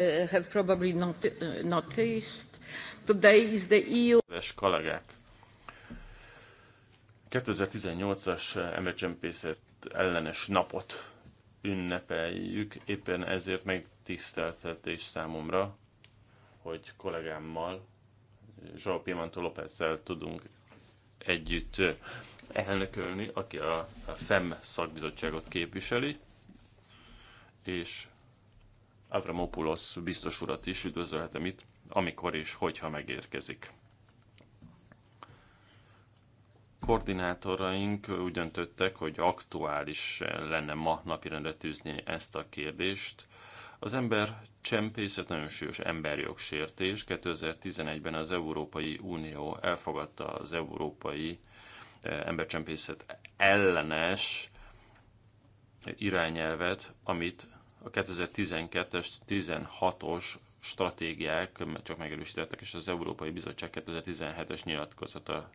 uh, have probably not, uh, noticed, today is the EU... kollégák! 2018-as embercsempészet ellenes napot ünnepeljük, éppen ezért megtiszteltetés számomra, hogy kollégámmal, Zsó Pimantó lópez tudunk együtt uh, elnökölni, aki a, a FEM szakbizottságot képviseli, és Avramopoulos biztos urat is üdvözölhetem itt, amikor és hogyha megérkezik. Koordinátoraink úgy döntöttek, hogy aktuális lenne ma napirendre tűzni ezt a kérdést. Az ember csempészet nagyon súlyos emberjogsértés. 2011-ben az Európai Unió elfogadta az Európai eh, Embercsempészet ellenes irányelvet, amit a 2012-es, 16-os stratégiák csak megerősítettek, és az Európai Bizottság 2017-es nyilatkozata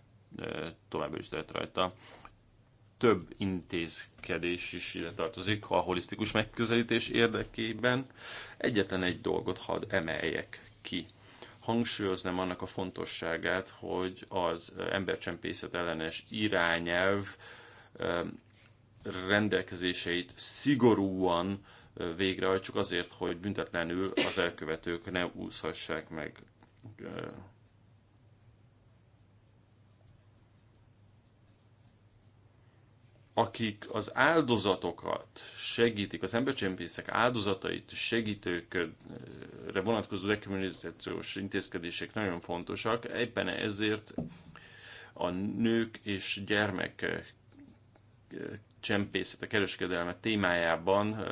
tovább erősített rajta. Több intézkedés is ide tartozik a holisztikus megközelítés érdekében. Egyetlen egy dolgot hadd emeljek ki. Hangsúlyoznám annak a fontosságát, hogy az embercsempészet ellenes irányelv rendelkezéseit szigorúan végrehajtsuk azért, hogy büntetlenül az elkövetők ne úszhassák meg akik az áldozatokat segítik, az embercsempészek áldozatait segítőkre vonatkozó dekriminalizációs intézkedések nagyon fontosak, éppen ezért a nők és gyermekek csempészet, a kereskedelme témájában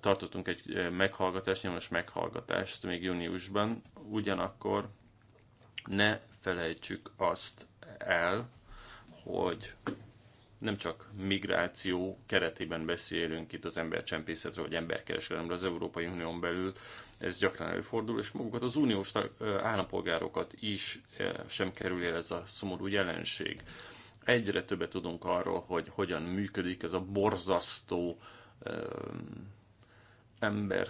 tartottunk egy meghallgatást, nyilvános meghallgatást még júniusban, ugyanakkor ne felejtsük azt el, hogy nem csak migráció keretében beszélünk itt az embercsempészetről, vagy emberkereskedelemről az Európai Unión belül, ez gyakran előfordul, és magukat az uniós állampolgárokat is sem kerül el ez a szomorú jelenség. Egyre többet tudunk arról, hogy hogyan működik ez a borzasztó ember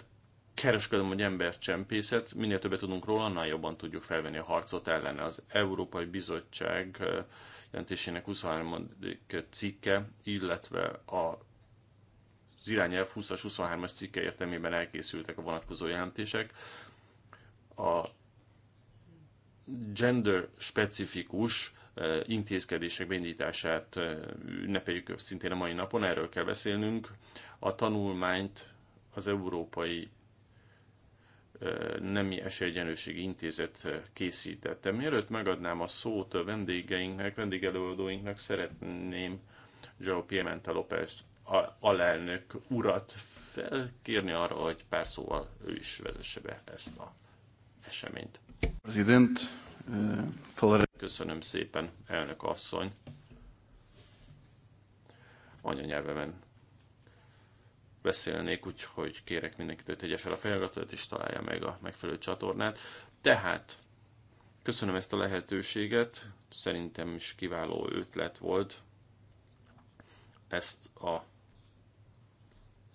kereskedelem vagy embercsempészet, minél többet tudunk róla, annál jobban tudjuk felvenni a harcot ellene. Az Európai Bizottság jelentésének 23. cikke, illetve a az irányelv 20-as, 23-as cikke értelmében elkészültek a vonatkozó jelentések. A gender specifikus intézkedések beindítását ünnepeljük szintén a mai napon, erről kell beszélnünk. A tanulmányt az Európai Nemi Esélyegyenlőségi Intézet készítette. Mielőtt megadnám a szót a vendégeinknek, vendégelőadóinknak, szeretném João Pimentel López alelnök urat felkérni arra, hogy pár szóval ő is vezesse be ezt a eseményt. Prezident, Köszönöm szépen, elnök asszony. Anyanyelvemen beszélnék, úgyhogy kérek hogy tegye fel a fejhallgatót és találja meg a megfelelő csatornát. Tehát köszönöm ezt a lehetőséget, szerintem is kiváló ötlet volt ezt a, az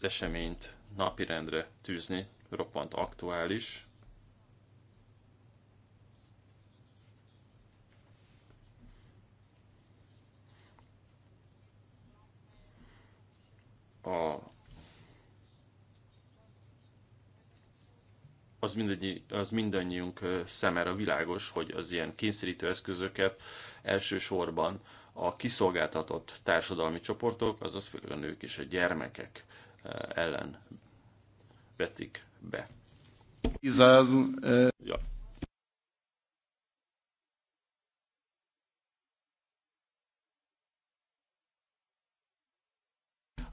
eseményt napirendre tűzni, roppant aktuális, a az, mindannyi, az mindannyiunk szemére világos, hogy az ilyen kényszerítő eszközöket elsősorban a kiszolgáltatott társadalmi csoportok, azaz főleg a nők és a gyermekek ellen vetik be. Ja.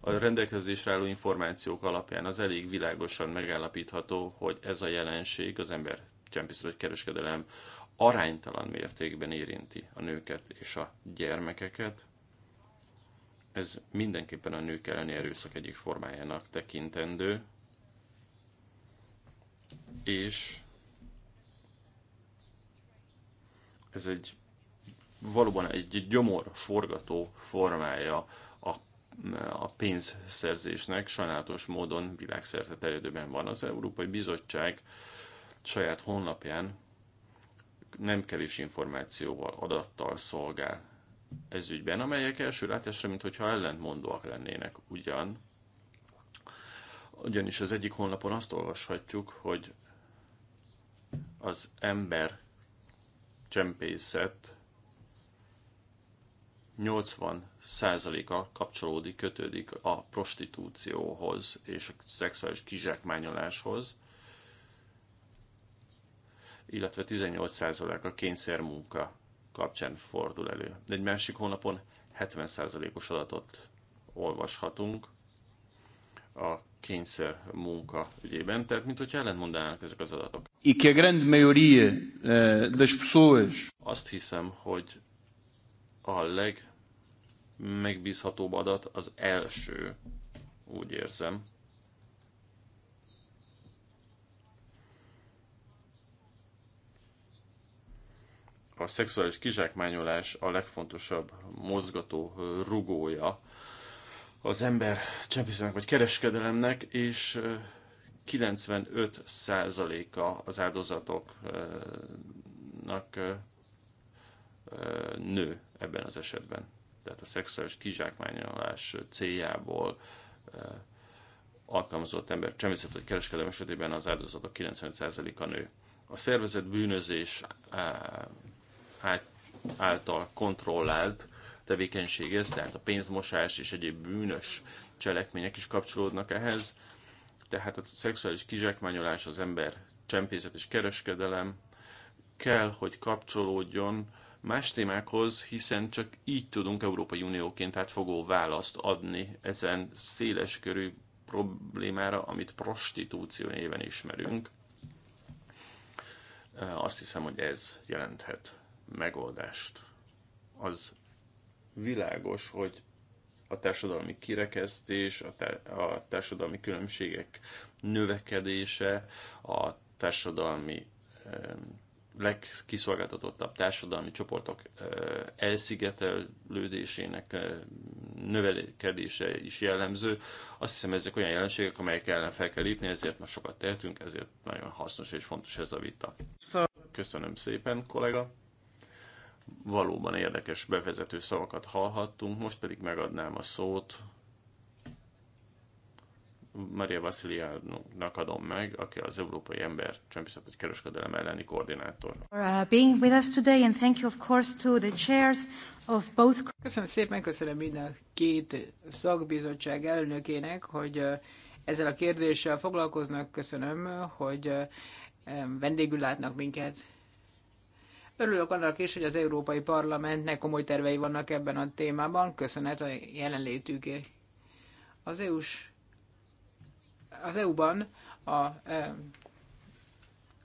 A rendelkezésre álló információk alapján az elég világosan megállapítható, hogy ez a jelenség az ember csempészet kereskedelem aránytalan mértékben érinti a nőket és a gyermekeket. Ez mindenképpen a nők elleni erőszak egyik formájának tekintendő, és ez egy valóban egy gyomor forgató formája a pénzszerzésnek sajnálatos módon világszerte terjedőben van. Az Európai Bizottság saját honlapján nem kevés információval, adattal szolgál ez ügyben, amelyek első látásra, mintha ellentmondóak lennének ugyan. Ugyanis az egyik honlapon azt olvashatjuk, hogy az ember csempészet 80%-a kapcsolódik, kötődik a prostitúcióhoz és a szexuális kizsákmányoláshoz, illetve 18%-a kényszermunka kapcsán fordul elő. De Egy másik hónapon 70%-os adatot olvashatunk a kényszer munka ügyében, tehát mint hogyha ellentmondanának ezek az adatok. E que a grande maioria eh, das pessoas... Azt hiszem, hogy a leg megbízhatóbb adat az első, úgy érzem. A szexuális kizsákmányolás a legfontosabb mozgató rugója az ember csempészetnek vagy kereskedelemnek, és 95%-a az áldozatoknak nő ebben az esetben tehát a szexuális kizsákmányolás céljából eh, alkalmazott ember csemészet vagy kereskedelem esetében az áldozatok 95%-a nő. A szervezet bűnözés eh, által kontrollált tevékenységhez, tehát a pénzmosás és egyéb bűnös cselekmények is kapcsolódnak ehhez. Tehát a szexuális kizsákmányolás, az ember csempészet és kereskedelem kell, hogy kapcsolódjon más témákhoz, hiszen csak így tudunk Európai Unióként átfogó választ adni ezen széles körű problémára, amit prostitúció néven ismerünk. Azt hiszem, hogy ez jelenthet megoldást. Az világos, hogy a társadalmi kirekesztés, a, a társadalmi különbségek növekedése, a társadalmi legkiszolgáltatottabb társadalmi csoportok elszigetelődésének növelkedése is jellemző. Azt hiszem, ezek olyan jelenségek, amelyek ellen fel kell lépni, ezért ma sokat tehetünk, ezért nagyon hasznos és fontos ez a vita. Köszönöm szépen, kollega. Valóban érdekes bevezető szavakat hallhattunk, most pedig megadnám a szót Maria Vassiliának adom meg, aki az Európai Ember Csempészet vagy Kereskedelem elleni koordinátor. Uh, being with us today and thank you of course to the chairs of both... Köszönöm szépen, köszönöm mind a két szakbizottság elnökének, hogy uh, ezzel a kérdéssel foglalkoznak. Köszönöm, hogy uh, vendégül látnak minket. Örülök annak is, hogy az Európai Parlamentnek komoly tervei vannak ebben a témában. Köszönet a jelenlétükért. Az EU-s az EU-ban a e,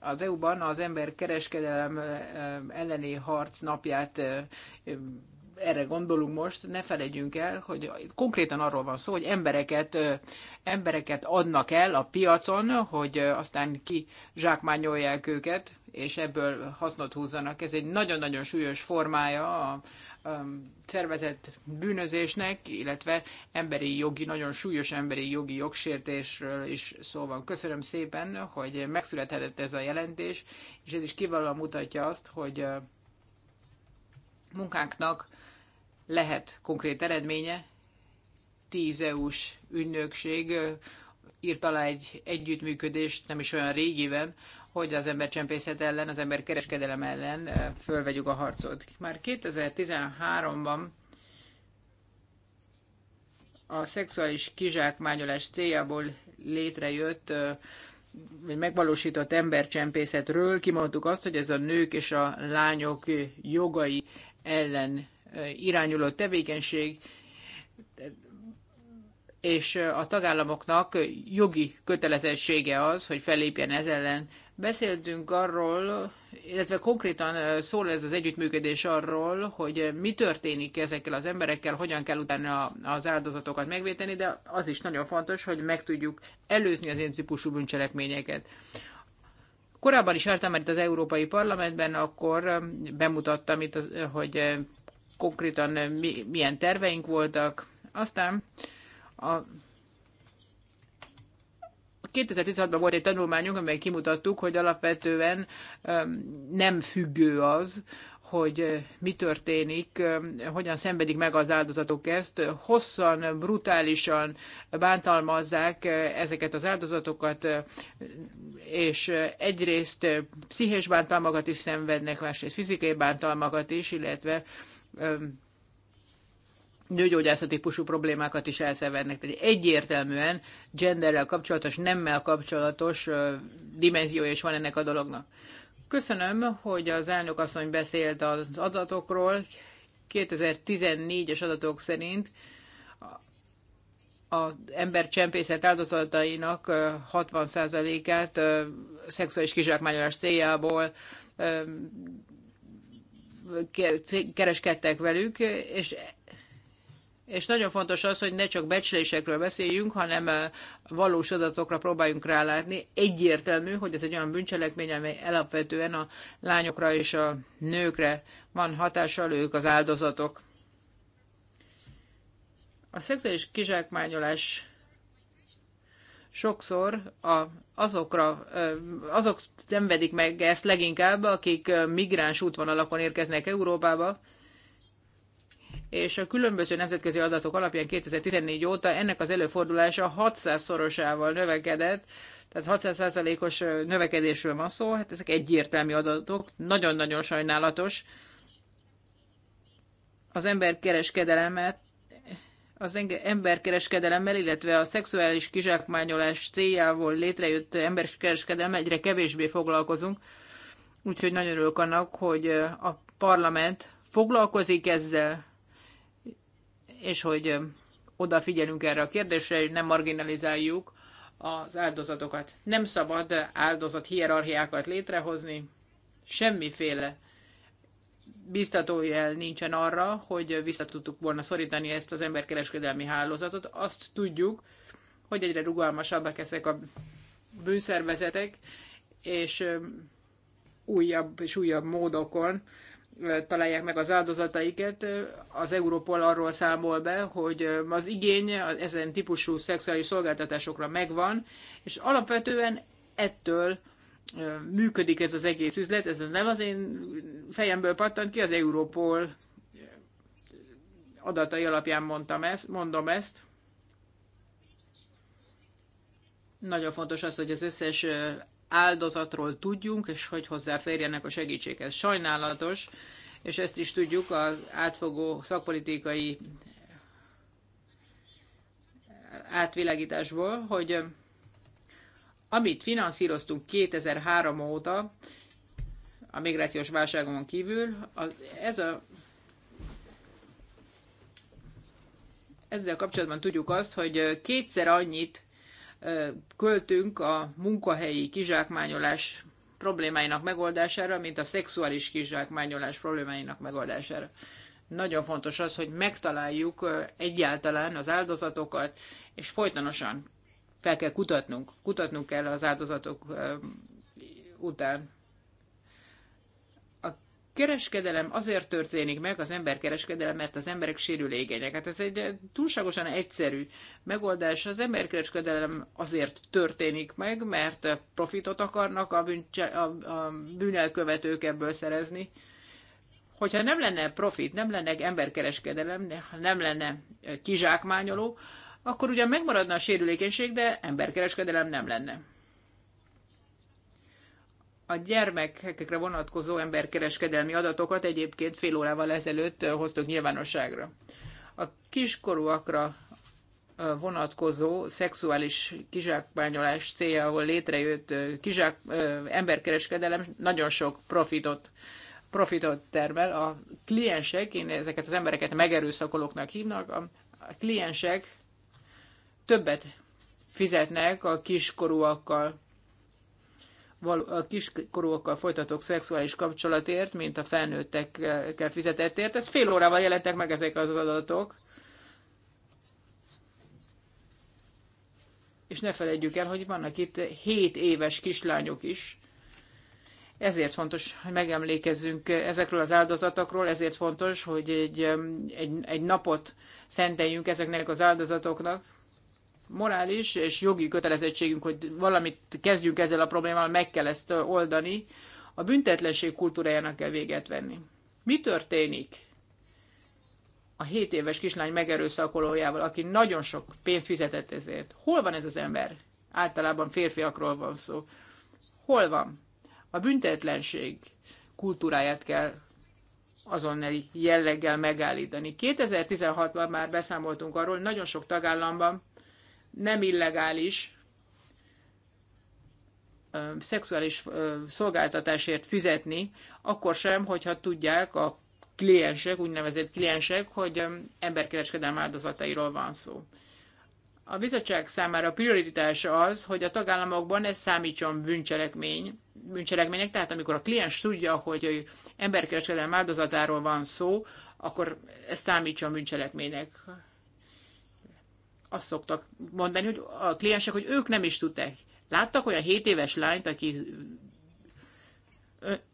az EU-ban az ember kereskedelem e, elleni harc napját e, erre gondolunk most, ne felejtjünk el, hogy konkrétan arról van szó, hogy embereket, embereket adnak el a piacon, hogy aztán ki zsákmányolják őket, és ebből hasznot húzzanak. Ez egy nagyon-nagyon súlyos formája a, szervezett bűnözésnek, illetve emberi jogi, nagyon súlyos emberi jogi jogsértésről is szó van. Köszönöm szépen, hogy megszülethetett ez a jelentés, és ez is kiválóan mutatja azt, hogy munkánknak lehet konkrét eredménye. 10 EU-s ügynökség írt alá egy együttműködést nem is olyan régiben hogy az embercsempészet ellen, az emberkereskedelem ellen fölvegyük a harcot. Már 2013-ban a szexuális kizsákmányolás céljából létrejött vagy megvalósított embercsempészetről kimondtuk azt, hogy ez a nők és a lányok jogai ellen irányuló tevékenység, és a tagállamoknak jogi kötelezettsége az, hogy fellépjen ez ellen, Beszéltünk arról, illetve konkrétan szól ez az együttműködés arról, hogy mi történik ezekkel az emberekkel, hogyan kell utána az áldozatokat megvéteni, de az is nagyon fontos, hogy meg tudjuk előzni az ilyen típusú bűncselekményeket. Korábban is álltam mert az Európai Parlamentben, akkor bemutattam itt, hogy konkrétan milyen terveink voltak. Aztán a 2016-ban volt egy tanulmányunk, amely kimutattuk, hogy alapvetően nem függő az, hogy mi történik, hogyan szenvedik meg az áldozatok ezt. Hosszan, brutálisan bántalmazzák ezeket az áldozatokat, és egyrészt pszichés bántalmakat is szenvednek, másrészt fizikai bántalmakat is, illetve típusú problémákat is elszevernek. Tehát egyértelműen genderrel kapcsolatos, nemmel kapcsolatos dimenziója is van ennek a dolognak. Köszönöm, hogy az elnök asszony beszélt az adatokról. 2014-es adatok szerint az csempészet áldozatainak 60%-át szexuális kizsákmányolás céljából kereskedtek velük, és és nagyon fontos az, hogy ne csak becslésekről beszéljünk, hanem valós adatokra próbáljunk rálátni. Egyértelmű, hogy ez egy olyan bűncselekmény, amely alapvetően a lányokra és a nőkre van hatással, ők az áldozatok. A szexuális kizsákmányolás sokszor a, azokra, azok szenvedik meg ezt leginkább, akik migráns útvonalakon érkeznek Európába, és a különböző nemzetközi adatok alapján 2014 óta ennek az előfordulása 600-szorosával növekedett, tehát 600%-os növekedésről van szó, hát ezek egyértelmű adatok, nagyon-nagyon sajnálatos. Az kereskedelemet az emberkereskedelemmel, illetve a szexuális kizsákmányolás céljából létrejött emberkereskedelemmel egyre kevésbé foglalkozunk. Úgyhogy nagyon örülök annak, hogy a parlament foglalkozik ezzel, és hogy odafigyelünk erre a kérdésre, és nem marginalizáljuk az áldozatokat. Nem szabad áldozat hierarchiákat létrehozni, semmiféle biztatójel nincsen arra, hogy tudtuk volna szorítani ezt az emberkereskedelmi hálózatot. Azt tudjuk, hogy egyre rugalmasabbak ezek a bűnszervezetek, és újabb és újabb módokon találják meg az áldozataiket. Az Európol arról számol be, hogy az igény ezen típusú szexuális szolgáltatásokra megvan, és alapvetően ettől működik ez az egész üzlet, ez nem az én fejemből pattant ki, az Európol adatai alapján mondtam ezt, mondom ezt. Nagyon fontos az, hogy az összes áldozatról tudjunk, és hogy hozzáférjenek a segítséghez. Sajnálatos, és ezt is tudjuk az átfogó szakpolitikai átvilágításból, hogy amit finanszíroztunk 2003 óta, a migrációs válságon kívül, az, ez a ezzel kapcsolatban tudjuk azt, hogy kétszer annyit költünk a munkahelyi kizsákmányolás problémáinak megoldására, mint a szexuális kizsákmányolás problémáinak megoldására. Nagyon fontos az, hogy megtaláljuk egyáltalán az áldozatokat, és folytonosan fel kell kutatnunk, kutatnunk kell az áldozatok után kereskedelem azért történik meg, az emberkereskedelem, mert az emberek sérülékenyek. Hát ez egy túlságosan egyszerű megoldás. Az emberkereskedelem azért történik meg, mert profitot akarnak a, bűncse, a, a bűnelkövetők ebből szerezni. Hogyha nem lenne profit, nem lenne emberkereskedelem, nem lenne kizsákmányoló, akkor ugyan megmaradna a sérülékenység, de emberkereskedelem nem lenne a gyermekekre vonatkozó emberkereskedelmi adatokat egyébként fél órával ezelőtt hoztuk nyilvánosságra. A kiskorúakra vonatkozó szexuális kizsákmányolás céljából létrejött kizsák, emberkereskedelem nagyon sok profitot, profitot termel. A kliensek, én ezeket az embereket megerőszakolóknak hívnak, a kliensek többet fizetnek a kiskorúakkal a kiskorúakkal folytatok szexuális kapcsolatért, mint a felnőttekkel fizetettért. Ez fél órával jelentek meg ezek az adatok. És ne felejtjük el, hogy vannak itt 7 éves kislányok is. Ezért fontos, hogy megemlékezzünk ezekről az áldozatokról, ezért fontos, hogy egy, um, egy, egy napot szenteljünk ezeknek az áldozatoknak morális és jogi kötelezettségünk, hogy valamit kezdjünk ezzel a problémával, meg kell ezt oldani. A büntetlenség kultúrájának kell véget venni. Mi történik a 7 éves kislány megerőszakolójával, aki nagyon sok pénzt fizetett ezért? Hol van ez az ember? Általában férfiakról van szó. Hol van? A büntetlenség kultúráját kell azonnali jelleggel megállítani. 2016-ban már beszámoltunk arról, hogy nagyon sok tagállamban nem illegális ö, szexuális ö, szolgáltatásért fizetni, akkor sem, hogyha tudják a kliensek, úgynevezett kliensek, hogy emberkereskedelm áldozatairól van szó. A bizottság számára a prioritás az, hogy a tagállamokban ez számítson bűncselekmény, bűncselekmények, tehát amikor a kliens tudja, hogy emberkereskedelem áldozatáról van szó, akkor ez számítson bűncselekménynek azt szoktak mondani, hogy a kliensek, hogy ők nem is tudták. Láttak olyan 7 éves lányt, aki,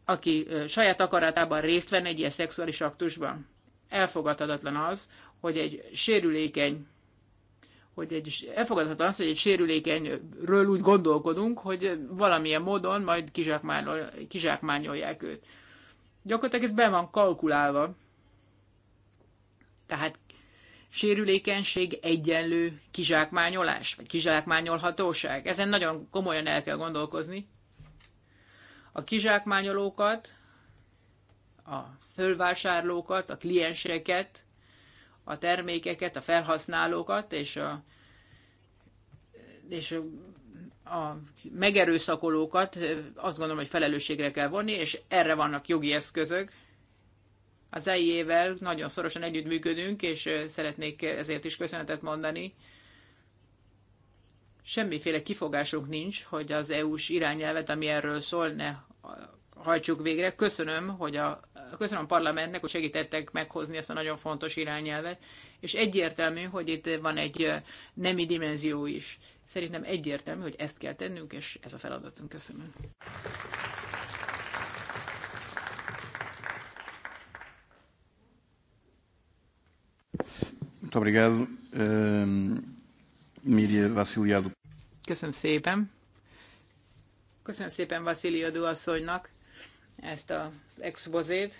aki saját akaratában részt venne egy ilyen szexuális aktusban? Elfogadhatatlan az, hogy egy sérülékeny hogy egy, elfogadhatatlan az, hogy egy sérülékenyről úgy gondolkodunk, hogy valamilyen módon majd kizsákmányol, kizsákmányolják őt. Gyakorlatilag ez be van kalkulálva. Tehát sérülékenység egyenlő kizsákmányolás, vagy kizsákmányolhatóság. Ezen nagyon komolyan el kell gondolkozni. A kizsákmányolókat, a fölvásárlókat, a klienseket, a termékeket, a felhasználókat és a, és a megerőszakolókat azt gondolom, hogy felelősségre kell vonni, és erre vannak jogi eszközök, az EIE-vel nagyon szorosan együttműködünk, és szeretnék ezért is köszönetet mondani. Semmiféle kifogásunk nincs, hogy az EU-s irányelvet, ami erről szól, ne hajtsuk végre. Köszönöm, hogy a, köszönöm a parlamentnek, hogy segítettek meghozni ezt a nagyon fontos irányelvet, és egyértelmű, hogy itt van egy nemi dimenzió is. Szerintem egyértelmű, hogy ezt kell tennünk, és ez a feladatunk. Köszönöm. Muito obrigado, ehm, Vassiliado. Köszönöm szépen. Köszönöm szépen Vassziliadó asszonynak ezt az expozét.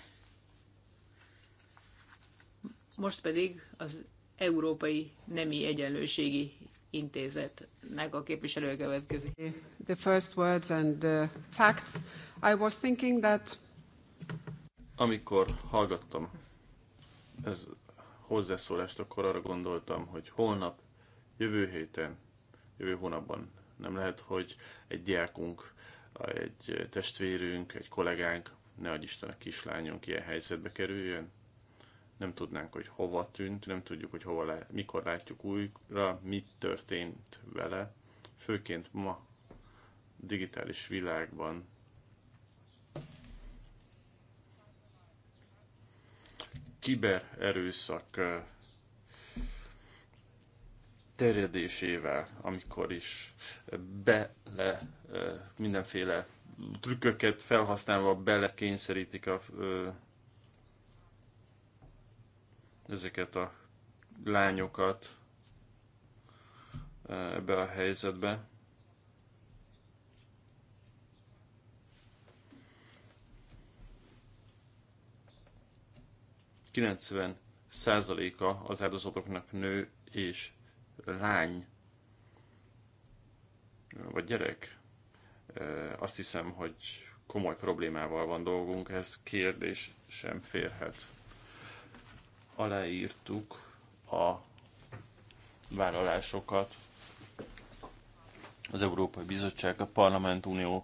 Most pedig az Európai Nemi Egyenlőségi Intézetnek a képviselője következik. The first words and the uh, facts. I was thinking that... Amikor hallgattam ez hozzászólást, akkor arra gondoltam, hogy holnap, jövő héten, jövő hónapban nem lehet, hogy egy diákunk, egy testvérünk, egy kollégánk, ne adj Isten a kislányunk ilyen helyzetbe kerüljön. Nem tudnánk, hogy hova tűnt, nem tudjuk, hogy hova le, mikor látjuk újra, mit történt vele. Főként ma digitális világban kibererőszak terjedésével, amikor is bele mindenféle trükköket felhasználva belekényszerítik a, ezeket a lányokat ebbe a helyzetbe. 90%-a az áldozatoknak nő és lány vagy gyerek. Azt hiszem, hogy komoly problémával van dolgunk, ez kérdés sem férhet. Aláírtuk a vállalásokat. Az Európai Bizottság, a Parlament Unió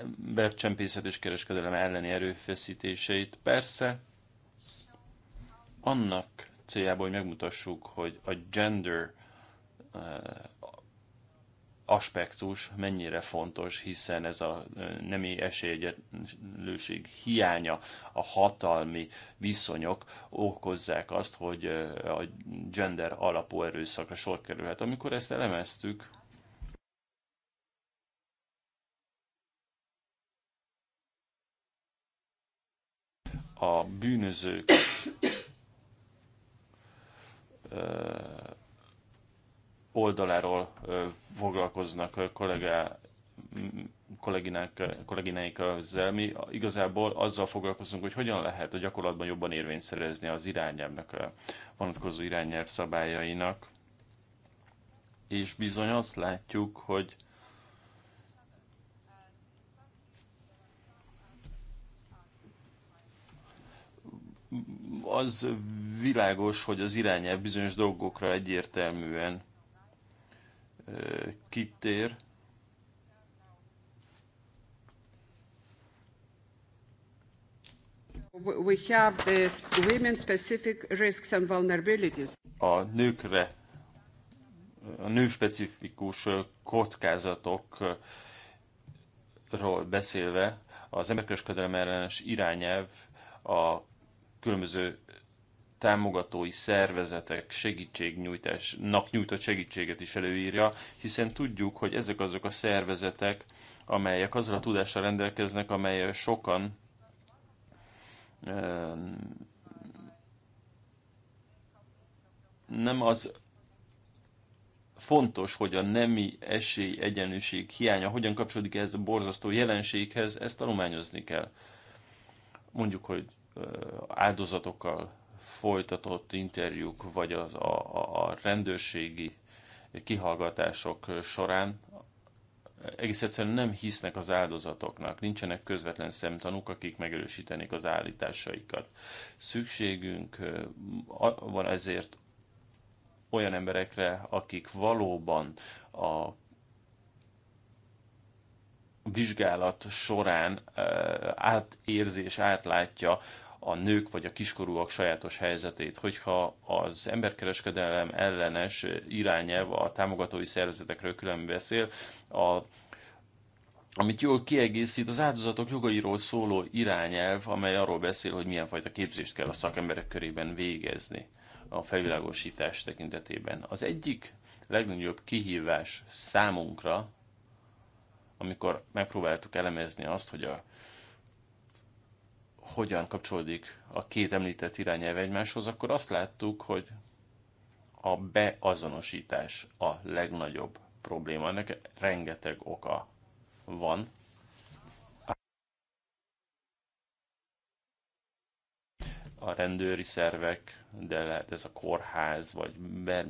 embercsempészet és kereskedelem elleni erőfeszítéseit. Persze annak céljából, hogy megmutassuk, hogy a gender eh, aspektus mennyire fontos, hiszen ez a eh, nemi esélyegyenlőség hiánya, a hatalmi viszonyok okozzák azt, hogy eh, a gender alapú erőszakra sor kerülhet. Amikor ezt elemeztük, a bűnözők oldaláról foglalkoznak kollégá, kolléginák, kollégináik ezzel. Mi igazából azzal foglalkozunk, hogy hogyan lehet a gyakorlatban jobban érvényt szerezni az irányelvnek, a vonatkozó irányelv szabályainak. És bizony azt látjuk, hogy az világos, hogy az irányelv bizonyos dolgokra egyértelműen kitér. We have this uh, women specific risks and vulnerabilities. A nőkre a nőspecifikus kockázatokról beszélve az emberkereskedelem ellenes irányelv a különböző támogatói szervezetek segítségnyújtásnak nyújtott segítséget is előírja, hiszen tudjuk, hogy ezek azok a szervezetek, amelyek azzal a tudással rendelkeznek, amely sokan nem az fontos, hogy a nemi esély egyenlőség hiánya hogyan kapcsolódik ez a borzasztó jelenséghez, ezt tanulmányozni kell. Mondjuk, hogy áldozatokkal folytatott interjúk, vagy az, a, a rendőrségi kihallgatások során egész egyszerűen nem hisznek az áldozatoknak, nincsenek közvetlen szemtanúk, akik megerősítenék az állításaikat. Szükségünk van ezért olyan emberekre, akik valóban a vizsgálat során átérzés, átlátja a nők vagy a kiskorúak sajátos helyzetét. Hogyha az emberkereskedelem ellenes irányelv a támogatói szervezetekről külön beszél, a amit jól kiegészít az áldozatok jogairól szóló irányelv, amely arról beszél, hogy milyen fajta képzést kell a szakemberek körében végezni a felvilágosítás tekintetében. Az egyik legnagyobb kihívás számunkra, amikor megpróbáltuk elemezni azt, hogy a hogyan kapcsolódik a két említett irányelv egymáshoz, akkor azt láttuk, hogy a beazonosítás a legnagyobb probléma. Ennek rengeteg oka van. a rendőri szervek, de lehet ez a kórház, vagy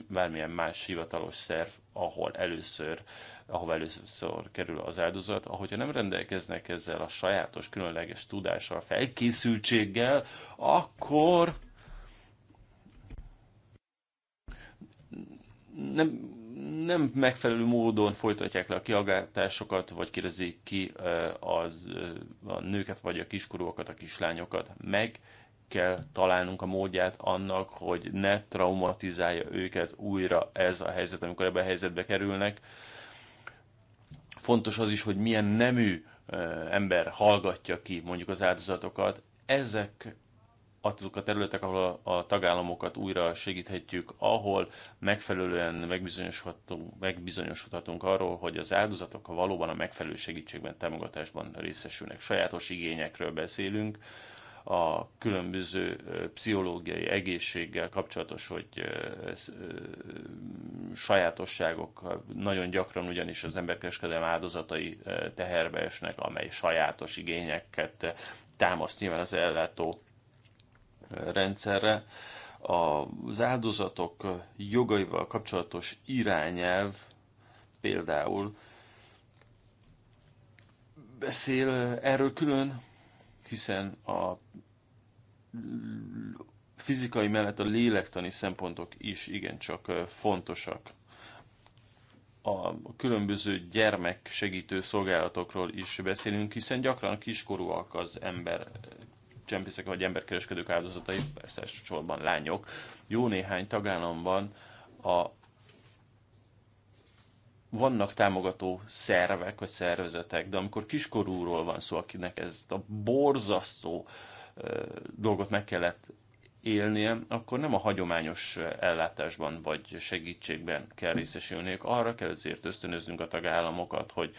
bármilyen más hivatalos szerv, ahol először, ahova először kerül az áldozat, ahogyha nem rendelkeznek ezzel a sajátos, különleges tudással, felkészültséggel, akkor nem, nem megfelelő módon folytatják le a kiallgatásokat, vagy kérdezik ki az, a nőket, vagy a kiskorúakat, a kislányokat, meg kell találnunk a módját annak, hogy ne traumatizálja őket újra ez a helyzet, amikor ebbe a helyzetbe kerülnek. Fontos az is, hogy milyen nemű ember hallgatja ki mondjuk az áldozatokat. Ezek azok a területek, ahol a, a tagállamokat újra segíthetjük, ahol megfelelően megbizonyosodhatunk, megbizonyosodhatunk arról, hogy az áldozatok valóban a megfelelő segítségben, támogatásban részesülnek. Sajátos igényekről beszélünk, a különböző pszichológiai egészséggel kapcsolatos, hogy sajátosságok nagyon gyakran ugyanis az emberkereskedelem áldozatai teherbe esnek, amely sajátos igényeket támaszt nyilván az ellátó rendszerre. Az áldozatok jogaival kapcsolatos irányelv például beszél erről külön, hiszen a fizikai mellett a lélektani szempontok is igencsak fontosak. A különböző gyermek segítő szolgálatokról is beszélünk, hiszen gyakran kiskorúak az ember csempészek vagy emberkereskedők áldozatai, persze elsősorban lányok. Jó néhány tagállamban a vannak támogató szervek vagy szervezetek, de amikor kiskorúról van szó, akinek ezt a borzasztó dolgot meg kellett élnie, akkor nem a hagyományos ellátásban vagy segítségben kell részesülniük. Arra kell ezért ösztönöznünk a tagállamokat, hogy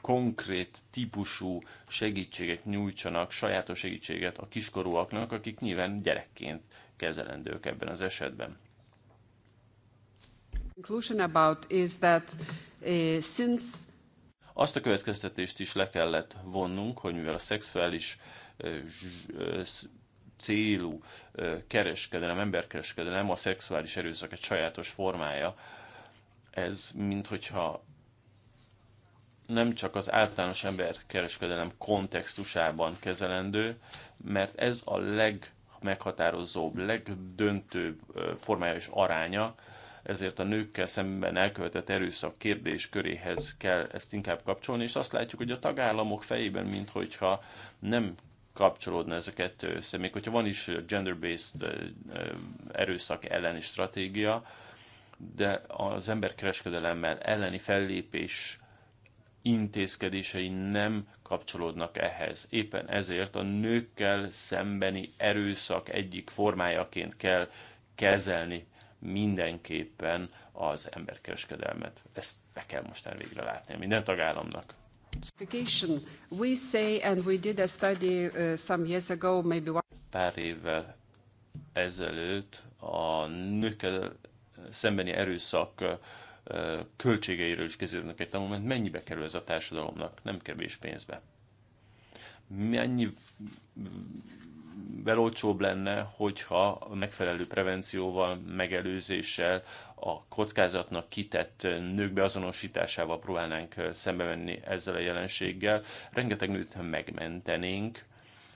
konkrét típusú segítséget nyújtsanak, sajátos segítséget a kiskorúaknak, akik nyilván gyerekként kezelendők ebben az esetben. Eh, Azt a következtetést is le kellett vonnunk, hogy mivel a szexuális eh, eh, célú kereskedelem, emberkereskedelem, a szexuális erőszak egy sajátos formája, ez minthogyha nem csak az általános emberkereskedelem kontextusában kezelendő, mert ez a legmeghatározóbb, legdöntőbb formája és aránya ezért a nőkkel szemben elkövetett erőszak kérdésköréhez kell ezt inkább kapcsolni, és azt látjuk, hogy a tagállamok fejében, minthogyha nem kapcsolódna ez a kettő össze. Még hogyha van is gender-based erőszak elleni stratégia, de az emberkereskedelemmel elleni fellépés intézkedései nem kapcsolódnak ehhez. Éppen ezért a nőkkel szembeni erőszak egyik formájaként kell kezelni mindenképpen az emberkereskedelmet. Ezt be kell most már végre látni minden tagállamnak. Uh, Pár évvel ezelőtt a nőkkel szembeni erőszak uh, költségeiről is kezdődnek egy tanulmányt, mennyibe kerül ez a társadalomnak, nem kevés pénzbe. Mennyi olcsóbb lenne, hogyha megfelelő prevencióval, megelőzéssel, a kockázatnak kitett nők beazonosításával próbálnánk szembe menni ezzel a jelenséggel. Rengeteg nőt megmentenénk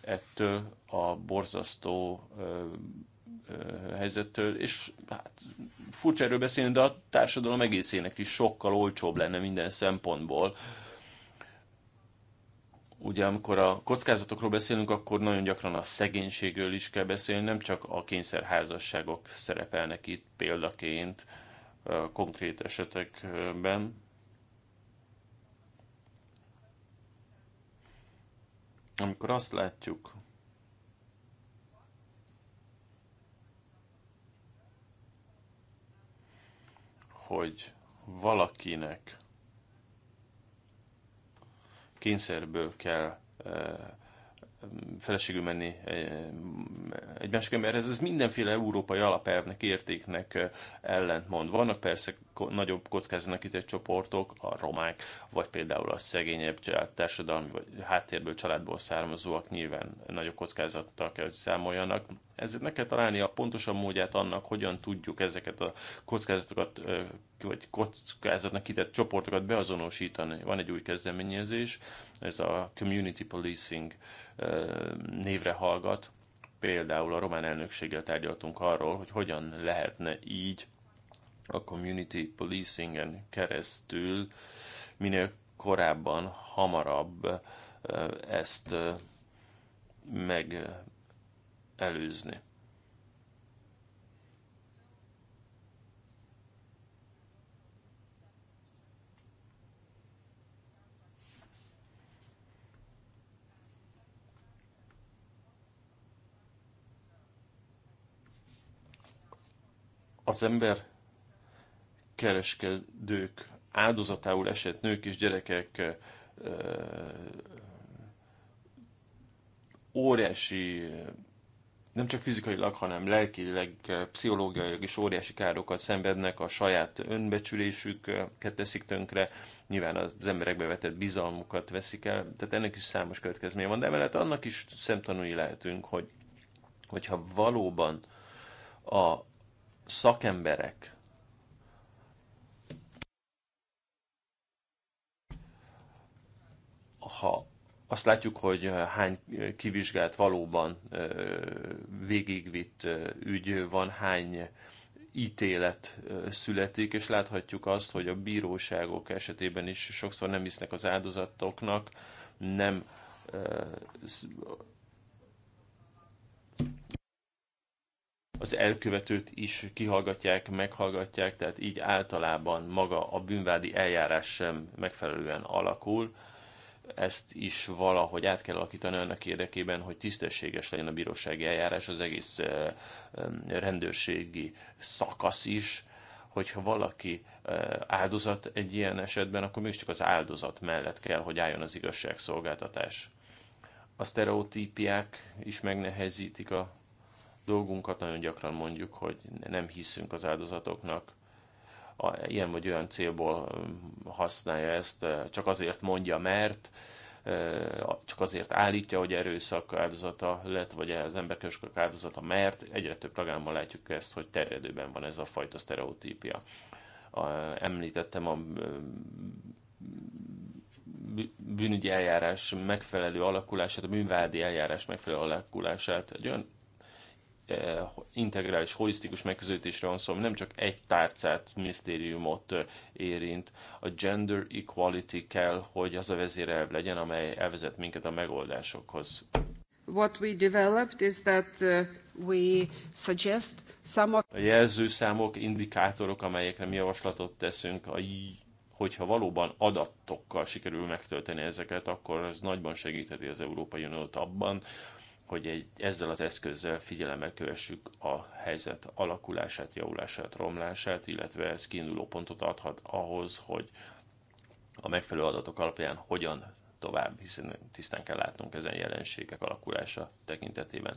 ettől a borzasztó helyzettől, és hát furcsa erről beszélni, de a társadalom egészének is sokkal olcsóbb lenne minden szempontból, Ugye amikor a kockázatokról beszélünk, akkor nagyon gyakran a szegénységről is kell beszélni, nem csak a kényszerházasságok szerepelnek itt példaként konkrét esetekben. Amikor azt látjuk, hogy valakinek kényszerből kell feleségül menni egy másik emberhez. Ez mindenféle európai alapelvnek, értéknek ellentmond. Vannak persze nagyobb kockázatnak kitett csoportok, a romák, vagy például a szegényebb család, társadalmi vagy háttérből családból származóak nyilván nagyobb kockázattal kell, hogy számoljanak. Ezért meg kell találni a pontosabb módját annak, hogyan tudjuk ezeket a kockázatokat, vagy kockázatnak kitett csoportokat beazonosítani. Van egy új kezdeményezés, ez a Community Policing névre hallgat, például a román elnökséggel tárgyaltunk arról, hogy hogyan lehetne így a community policingen keresztül minél korábban, hamarabb ezt megelőzni. Az ember kereskedők áldozatául esett nők és gyerekek óriási, nem csak fizikailag, hanem lelkileg, pszichológiailag is óriási károkat szenvednek, a saját önbecsülésüket teszik tönkre, nyilván az emberekbe vetett bizalmukat veszik el, tehát ennek is számos következménye van, de emellett annak is szemtanúi lehetünk, hogy hogyha valóban a szakemberek ha azt látjuk, hogy eh, hány eh, kivizsgált valóban eh, végigvitt ügy van, hány ítélet születik, és láthatjuk azt, hogy a bíróságok esetében is sokszor nem hisznek az áldozatoknak, nem az elkövetőt is kihallgatják, meghallgatják, tehát így általában maga a bűnvádi eljárás sem megfelelően alakul ezt is valahogy át kell alakítani annak érdekében, hogy tisztességes legyen a bírósági eljárás, az egész rendőrségi szakasz is, hogyha valaki áldozat egy ilyen esetben, akkor mégiscsak az áldozat mellett kell, hogy álljon az igazságszolgáltatás. A sztereotípiák is megnehezítik a dolgunkat, nagyon gyakran mondjuk, hogy nem hiszünk az áldozatoknak, ilyen vagy olyan célból um, használja ezt, csak azért mondja, mert csak azért állítja, hogy erőszak áldozata lett, vagy az emberkereskedők áldozata, mert egyre több tagállamban látjuk ezt, hogy terjedőben van ez a fajta sztereotípia. Említettem a bűnügyi eljárás megfelelő alakulását, a bűnvádi eljárás megfelelő alakulását, egy olyan Eh, integrális, holisztikus megközelítésre van szó, szóval nem csak egy tárcát, minisztériumot eh, érint. A gender equality kell, hogy az a vezérelv legyen, amely elvezet minket a megoldásokhoz. What we developed is that eh, we suggest some of... A jelzőszámok, indikátorok, amelyekre mi javaslatot teszünk, a hogyha valóban adatokkal sikerül megtölteni ezeket, akkor ez nagyban segítheti az Európai Uniót abban, hogy egy, ezzel az eszközzel figyelemmel kövessük a helyzet alakulását, javulását, romlását, illetve ez kiinduló pontot adhat ahhoz, hogy a megfelelő adatok alapján hogyan tovább, hiszen tisztán kell látnunk ezen jelenségek alakulása tekintetében.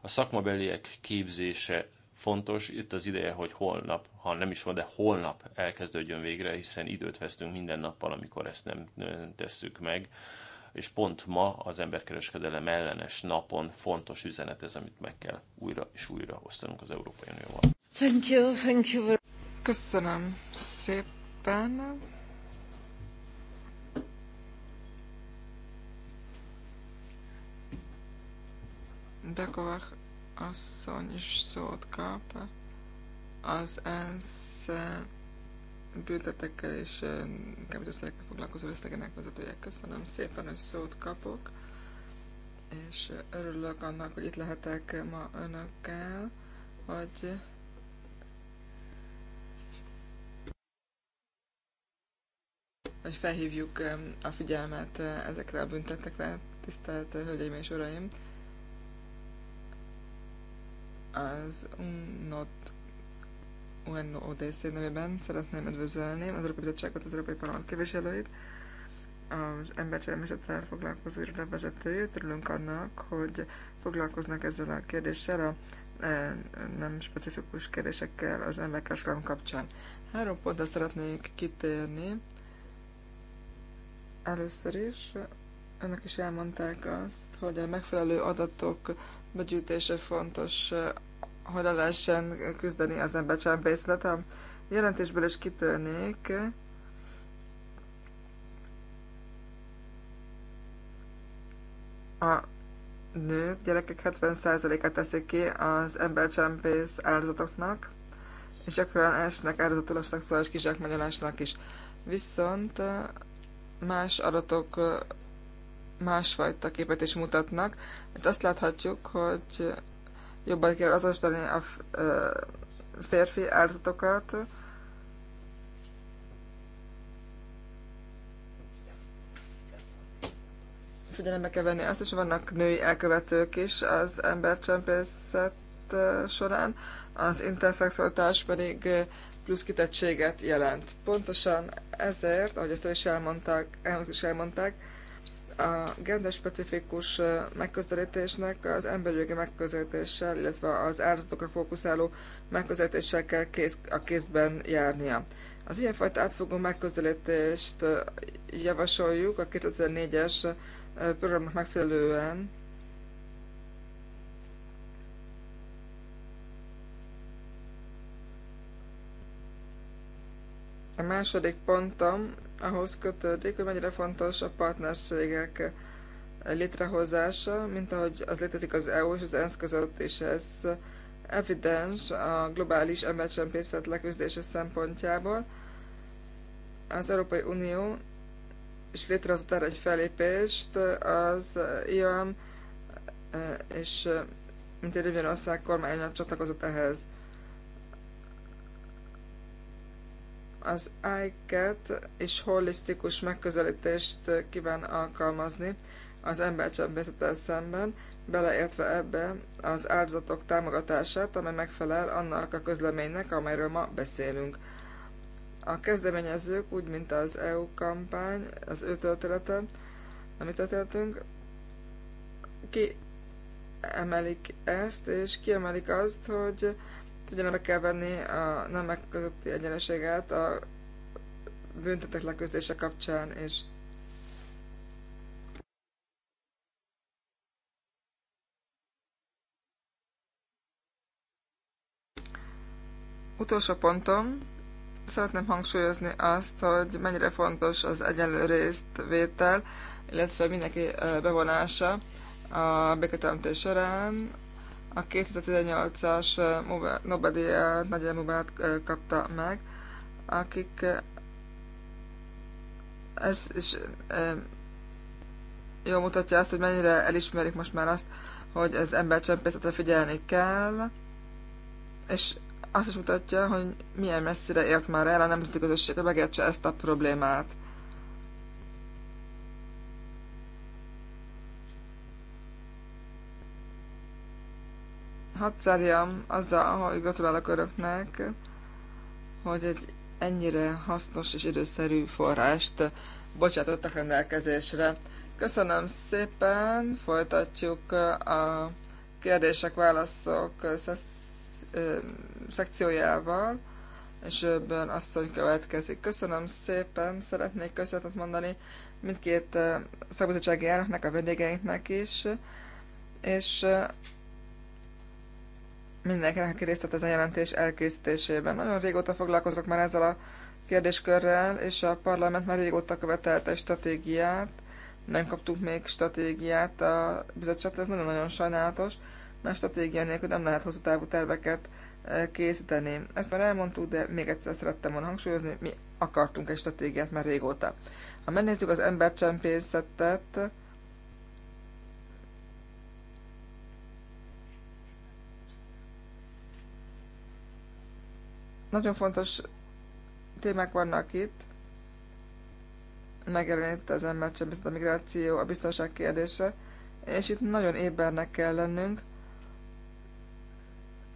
A szakmabeliek képzése fontos, itt az ideje, hogy holnap, ha nem is van, de holnap elkezdődjön végre, hiszen időt vesztünk minden nappal, amikor ezt nem tesszük meg és pont ma az emberkereskedelem ellenes napon fontos üzenet ez, amit meg kell újra és újra osztanunk az Európai Unióval. Thank you, thank you. Köszönöm szépen. Bekovák asszony is szót kap az ENSZ büntetekkel és kábítószerekkel foglalkozó részlegenek vezetőjek. Köszönöm szépen, hogy szót kapok, és örülök annak, hogy itt lehetek ma önökkel, hogy hogy felhívjuk a figyelmet ezekre a büntetekre, tisztelt Hölgyeim és Uraim! Az UNOT UNO ODC nevében szeretném üdvözölni az Európai Bizottságot, az Európai Parlament képviselőit, az embercselemészeten foglalkozó iroda vezetőjét. Örülünk annak, hogy foglalkoznak ezzel a kérdéssel, a e, nem specifikus kérdésekkel az emberkereskedelem kapcsán. Három pontra szeretnék kitérni. Először is önök is elmondták azt, hogy a megfelelő adatok begyűjtése fontos hogy le lehessen küzdeni az embercsempészlet. A jelentésből is kitörnék. A nők, gyerekek 70%-át teszik ki az embercsempész áldozatoknak, és gyakran esnek áldozatul a szexuális kizsákmányolásnak is. Viszont más adatok másfajta képet is mutatnak. Itt azt láthatjuk, hogy jobban kell azonosítani a férfi áldozatokat. Figyelembe kell venni azt is, vannak női elkövetők is az embercsempészet során, az interszexualitás pedig plusz kitettséget jelent. Pontosan ezért, ahogy ezt is elmondták, elmondták a genderspecifikus megközelítésnek az emberjogi megközelítéssel, illetve az áldozatokra fókuszáló megközelítéssel kell kéz, a kézben járnia. Az ilyenfajta átfogó megközelítést javasoljuk a 2004-es programnak megfelelően, A második pontom ahhoz kötődik, hogy mennyire fontos a partnerségek eh, létrehozása, mint ahogy az létezik az EU és az ENSZ között, és ez evidens a globális embercsempészet leküzdése szempontjából. Az Európai Unió és létrehozott erre egy felépést az IOM eh, és eh, mint egy ország kormánya csatlakozott ehhez. Az ICAT is holisztikus megközelítést kíván alkalmazni az embercsempészettel szemben, beleértve ebbe az áldozatok támogatását, amely megfelel annak a közleménynek, amelyről ma beszélünk. A kezdeményezők, úgy mint az EU kampány, az ő története, amit történtünk, ki emelik ezt, és kiemelik azt, hogy Figyelembe kell venni a nemek közötti egyenlőséget a büntetek leküzdése kapcsán, és Utolsó pontom, szeretném hangsúlyozni azt, hogy mennyire fontos az egyenlő résztvétel, illetve mindenki bevonása a béketeremtés során a 2018-as Nobel-díjat, nagy kapta meg, akik ez is jól mutatja azt, hogy mennyire elismerik most már azt, hogy az embercsempészetre figyelni kell, és azt is mutatja, hogy milyen messzire ért már el a nemzeti közösség, hogy megértse ezt a problémát. hadd zárjam azzal, hogy gratulálok Önöknek, hogy egy ennyire hasznos és időszerű forrást bocsátottak rendelkezésre. Köszönöm szépen, folytatjuk a kérdések-válaszok szekciójával, és őben asszony következik. Köszönöm szépen, szeretnék köszönetet mondani mindkét szakbizottsági elnöknek, a vendégeinknek is, és mindenkinek, aki részt vett ezen jelentés elkészítésében. Nagyon régóta foglalkozok már ezzel a kérdéskörrel, és a parlament már régóta követelte egy stratégiát, nem kaptunk még stratégiát a bizottságtól, ez nagyon-nagyon sajnálatos, mert stratégia nélkül nem lehet hosszú távú terveket eh, készíteni. Ezt már elmondtuk, de még egyszer szerettem volna hangsúlyozni, mi akartunk egy stratégiát már régóta. Ha megnézzük az embercsempészetet, Nagyon fontos témák vannak itt. Megjelenít az embercsempészet, a migráció, a biztonság kérdése, és itt nagyon ébernek kell lennünk.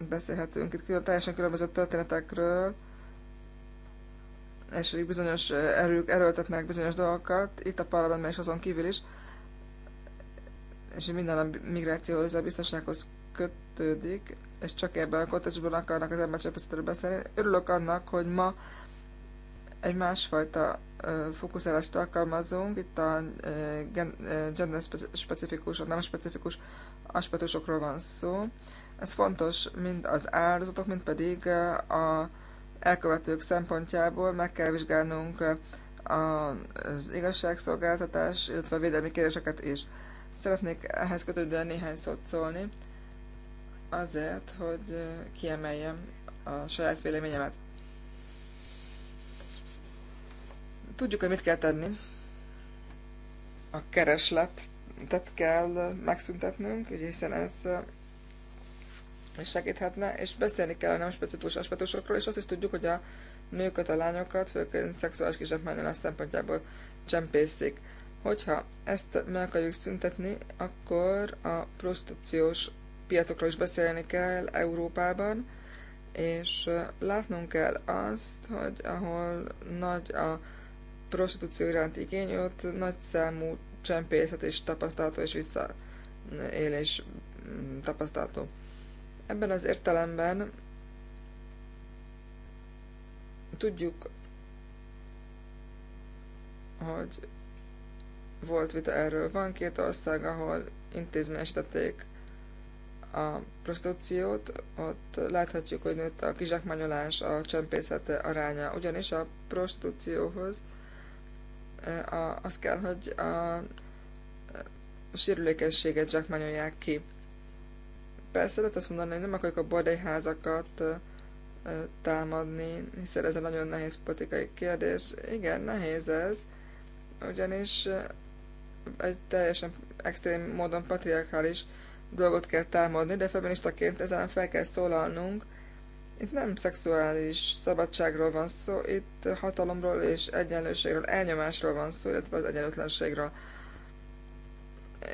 Beszélhetünk itt külön, teljesen különböző történetekről, és hogy bizonyos erők erőltetnek bizonyos dolgokat, itt a parlamentben és azon kívül is, és minden a migrációhoz, a biztonsághoz kötődik, és csak ebben a kontextusban akarnak az embercsempészetről beszélni. Örülök annak, hogy ma egy másfajta fókuszálást alkalmazunk, itt a gender specifikus, a nem specifikus aspektusokról van szó. Ez fontos mind az áldozatok, mind pedig a elkövetők szempontjából meg kell vizsgálnunk az igazságszolgáltatás, illetve a védelmi kérdéseket is. Szeretnék ehhez kötődően néhány szót szólni azért, hogy kiemeljem a saját véleményemet. Tudjuk, hogy mit kell tenni. A keresletet kell megszüntetnünk, hiszen ez segíthetne, és beszélni kell a nem specifikus aspektusokról, és azt is tudjuk, hogy a nőket, a lányokat, főként szexuális a szempontjából csempészik. Hogyha ezt meg akarjuk szüntetni, akkor a prostitúciós piacokról is beszélni kell Európában, és látnunk kell azt, hogy ahol nagy a prostitúció iránti igény, ott nagy számú csempészet és tapasztalató és visszaélés mm, tapasztalató. Ebben az értelemben tudjuk, hogy volt vita erről. Van két ország, ahol intézményesítették a prostitúciót, ott láthatjuk, hogy nőtt a kizsákmányolás, a csempészet aránya, ugyanis a prostitúcióhoz e, a, az kell, hogy a sérülékenységet zsákmányolják ki. Persze lehet azt mondani, hogy nem akarjuk a bordélyházakat e, e, támadni, hiszen ez egy nagyon nehéz politikai kérdés. Igen, nehéz ez, ugyanis egy teljesen extrém módon patriarchális dolgot kell támadni, de feministaként ezen fel kell szólalnunk. Itt nem szexuális szabadságról van szó, itt hatalomról és egyenlőségről, elnyomásról van szó, illetve az egyenlőtlenségről.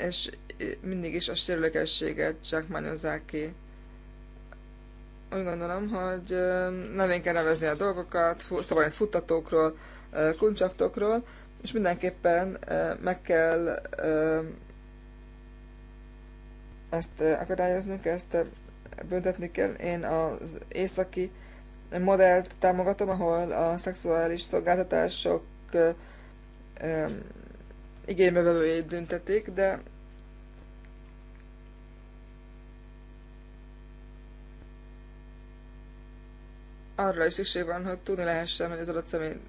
És mindig is a sérülékenységet zsákmányozzák ki. Úgy gondolom, hogy nevén kell nevezni a dolgokat, egy szóval futtatókról, kuncsaftokról, és mindenképpen meg kell ezt akadályoznunk, ezt büntetni kell. Én az északi modellt támogatom, ahol a szexuális szolgáltatások igénybevevőjét büntetik, de arra is szükség van, hogy tudni lehessen, hogy az adott személy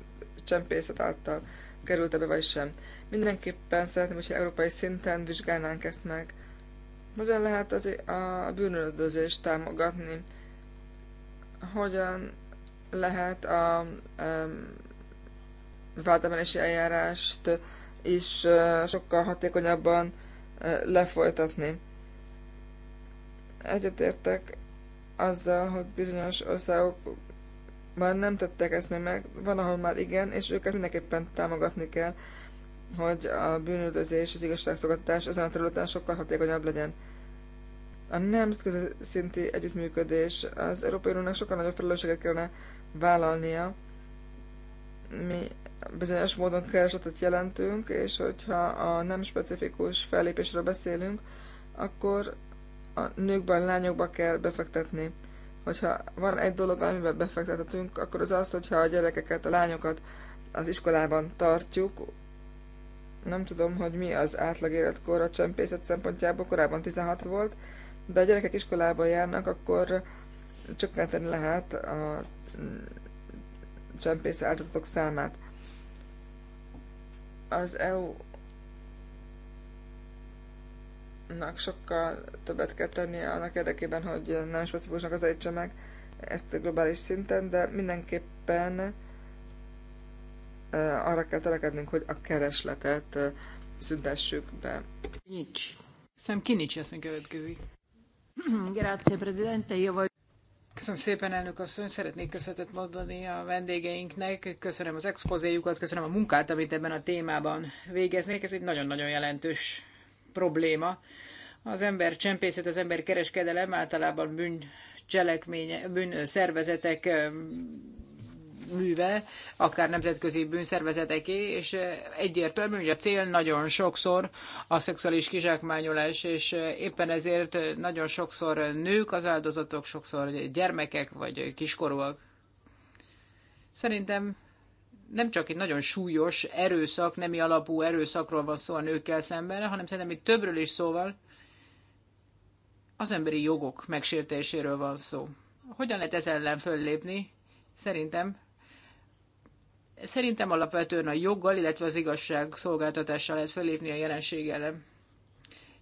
csempészet által került ebbe vagy sem. Mindenképpen szeretném, hogyha európai szinten vizsgálnánk ezt meg. Hogyan lehet az a bűnöldözést támogatni? Hogyan lehet a um, vádemelési eljárást is uh, sokkal hatékonyabban uh, lefolytatni? Egyetértek azzal, hogy bizonyos országok már nem tettek ezt még meg, van, ahol már igen, és őket mindenképpen támogatni kell hogy a bűnöldözés, az igazságszolgáltatás ezen a területen sokkal hatékonyabb legyen. A nemzetközi szinti együttműködés az Európai Uniónak sokkal nagyobb felelősséget kellene vállalnia. Mi bizonyos módon keresletet jelentünk, és hogyha a nem specifikus fellépésről beszélünk, akkor a nőkben, lányokba kell befektetni. Hogyha van egy dolog, amiben befektetünk, akkor az az, hogyha a gyerekeket, a lányokat az iskolában tartjuk, nem tudom, hogy mi az átlag életkor a csempészet szempontjából, korábban 16 volt, de a gyerekek iskolába járnak, akkor csökkenteni lehet a mm, csempész áldozatok számát. Az EU nak sokkal többet kell tennie annak érdekében, hogy nem is passzívusnak az meg ezt globális szinten, de mindenképpen arra kell törekednünk, hogy a keresletet szüntessük be. Nincs. ki nincs, ezt következik. Grazie, Presidente. jó vagy. Köszönöm szépen, elnök asszony. Szeretnék köszönetet mondani a vendégeinknek. Köszönöm az expozéjukat, köszönöm a munkát, amit ebben a témában végeznék, Ez egy nagyon-nagyon jelentős probléma. Az ember csempészet, az ember kereskedelem általában bűncselekménye, bűnszervezetek műve, akár nemzetközi bűnszervezeteké, és eh, egyértelmű, hogy a cél nagyon sokszor a szexuális kizsákmányolás, és eh, éppen ezért eh, nagyon sokszor nők az áldozatok, sokszor gyermekek vagy kiskorúak. Szerintem nem csak egy nagyon súlyos erőszak, nemi alapú erőszakról van szó a nőkkel szemben, hanem szerintem itt többről is szóval az emberi jogok megsértéséről van szó. Hogyan lehet ez ellen föllépni? Szerintem Szerintem alapvetően a joggal, illetve az igazság szolgáltatással lehet fölépni a jelenség ellen.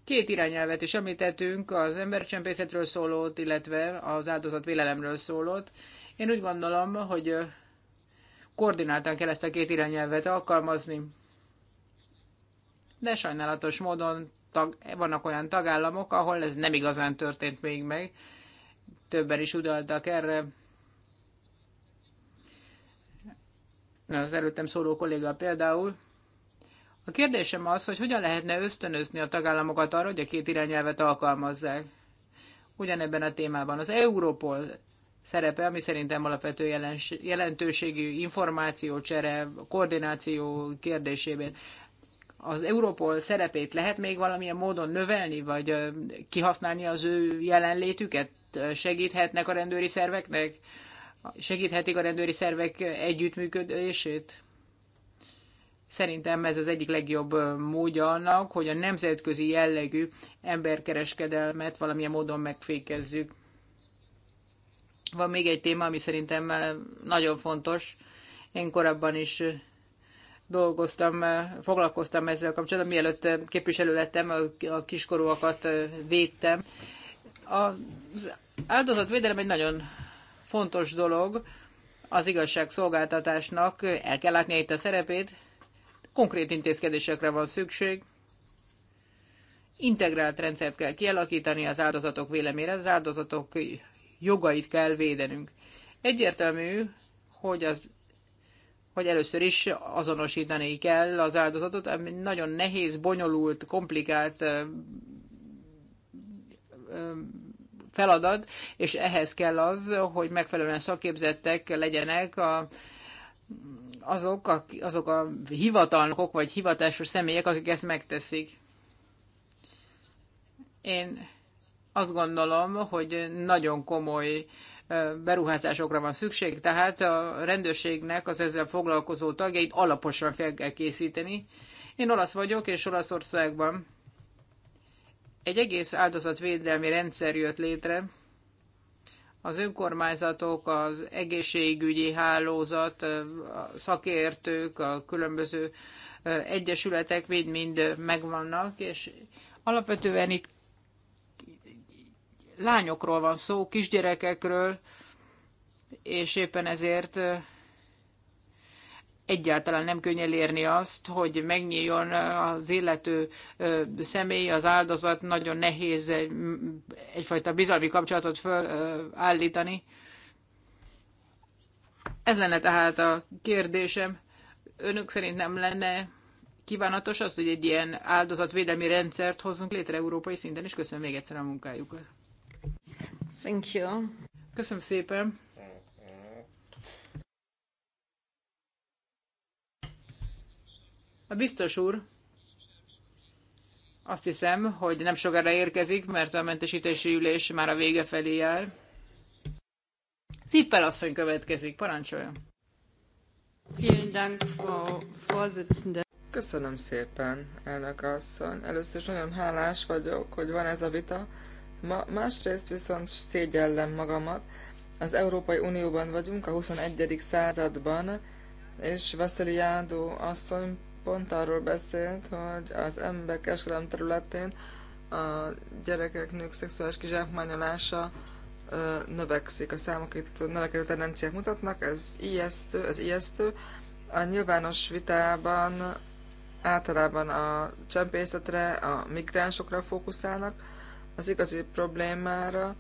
Két irányelvet is említettünk, az embercsempészetről szólót, illetve az vélelemről szólót. Én úgy gondolom, hogy koordináltan kell ezt a két irányelvet alkalmazni, de sajnálatos módon tag, vannak olyan tagállamok, ahol ez nem igazán történt még meg. Többen is utaltak erre, az előttem szóló kolléga például. A kérdésem az, hogy hogyan lehetne ösztönözni a tagállamokat arra, hogy a két irányelvet alkalmazzák. Ugyanebben a témában az Europol szerepe, ami szerintem alapvető jelentőségű információcsere, koordináció kérdésében. Az Europol szerepét lehet még valamilyen módon növelni, vagy kihasználni az ő jelenlétüket? Segíthetnek a rendőri szerveknek? segíthetik a rendőri szervek együttműködését? Szerintem ez az egyik legjobb módja annak, hogy a nemzetközi jellegű emberkereskedelmet valamilyen módon megfékezzük. Van még egy téma, ami szerintem nagyon fontos. Én korábban is dolgoztam, foglalkoztam ezzel kapcsolatban, mielőtt képviselő lettem, a kiskorúakat védtem. Az áldozatvédelem egy nagyon fontos dolog az igazságszolgáltatásnak, el kell látnia itt a szerepét, konkrét intézkedésekre van szükség, integrált rendszert kell kialakítani az áldozatok véleményre, az áldozatok jogait kell védenünk. Egyértelmű, hogy az hogy először is azonosítani kell az áldozatot, ami nagyon nehéz, bonyolult, komplikált feladat, és ehhez kell az, hogy megfelelően szakképzettek legyenek a, azok, a, azok a hivatalnokok vagy hivatásos személyek, akik ezt megteszik. Én azt gondolom, hogy nagyon komoly beruházásokra van szükség, tehát a rendőrségnek az ezzel foglalkozó tagjait alaposan fel kell készíteni. Én olasz vagyok, és Olaszországban egy egész áldozatvédelmi rendszer jött létre, az önkormányzatok, az egészségügyi hálózat, a szakértők, a különböző egyesületek mind-mind megvannak, és alapvetően itt lányokról van szó, kisgyerekekről, és éppen ezért egyáltalán nem könnyű elérni azt, hogy megnyíljon az illető személy, az áldozat, nagyon nehéz egyfajta bizalmi kapcsolatot fölállítani. Ez lenne tehát a kérdésem. Önök szerint nem lenne kívánatos az, hogy egy ilyen áldozatvédelmi rendszert hozzunk létre európai szinten, és köszönöm még egyszer a munkájukat. Thank you. Köszönöm szépen. A biztos úr azt hiszem, hogy nem sokára érkezik, mert a mentesítési ülés már a vége felé jár. Zippel asszony következik, parancsoljon. Köszönöm szépen, elnök asszony. Először is nagyon hálás vagyok, hogy van ez a vita. Ma, másrészt viszont szégyellem magamat. Az Európai Unióban vagyunk, a 21. században, és Vasszili Jádó asszony pont arról beszélt, hogy az ember kereskedelem területén a gyerekek, nők szexuális kizsákmányolása növekszik. A számok itt növekedő tendenciák mutatnak, ez ijesztő, ez ijesztő. A nyilvános vitában általában a csempészetre, a migránsokra fókuszálnak, az igazi problémára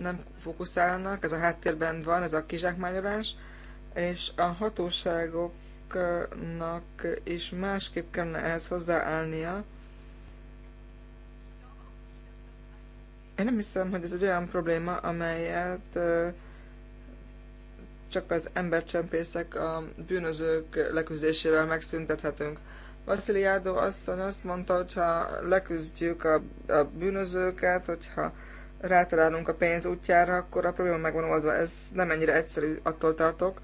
nem fókuszálnak, ez a háttérben van, ez a kizsákmányolás, és a hatóságok tagállamoknak is másképp kellene ehhez hozzáállnia. Én nem hiszem, hogy ez egy olyan probléma, amelyet csak az embercsempészek, a bűnözők leküzdésével megszüntethetünk. Vasiliádó asszony azt mondta, hogyha leküzdjük a, a bűnözőket, hogyha rátalálunk a pénz útjára, akkor a probléma megvan oldva. Ez nem ennyire egyszerű, attól tartok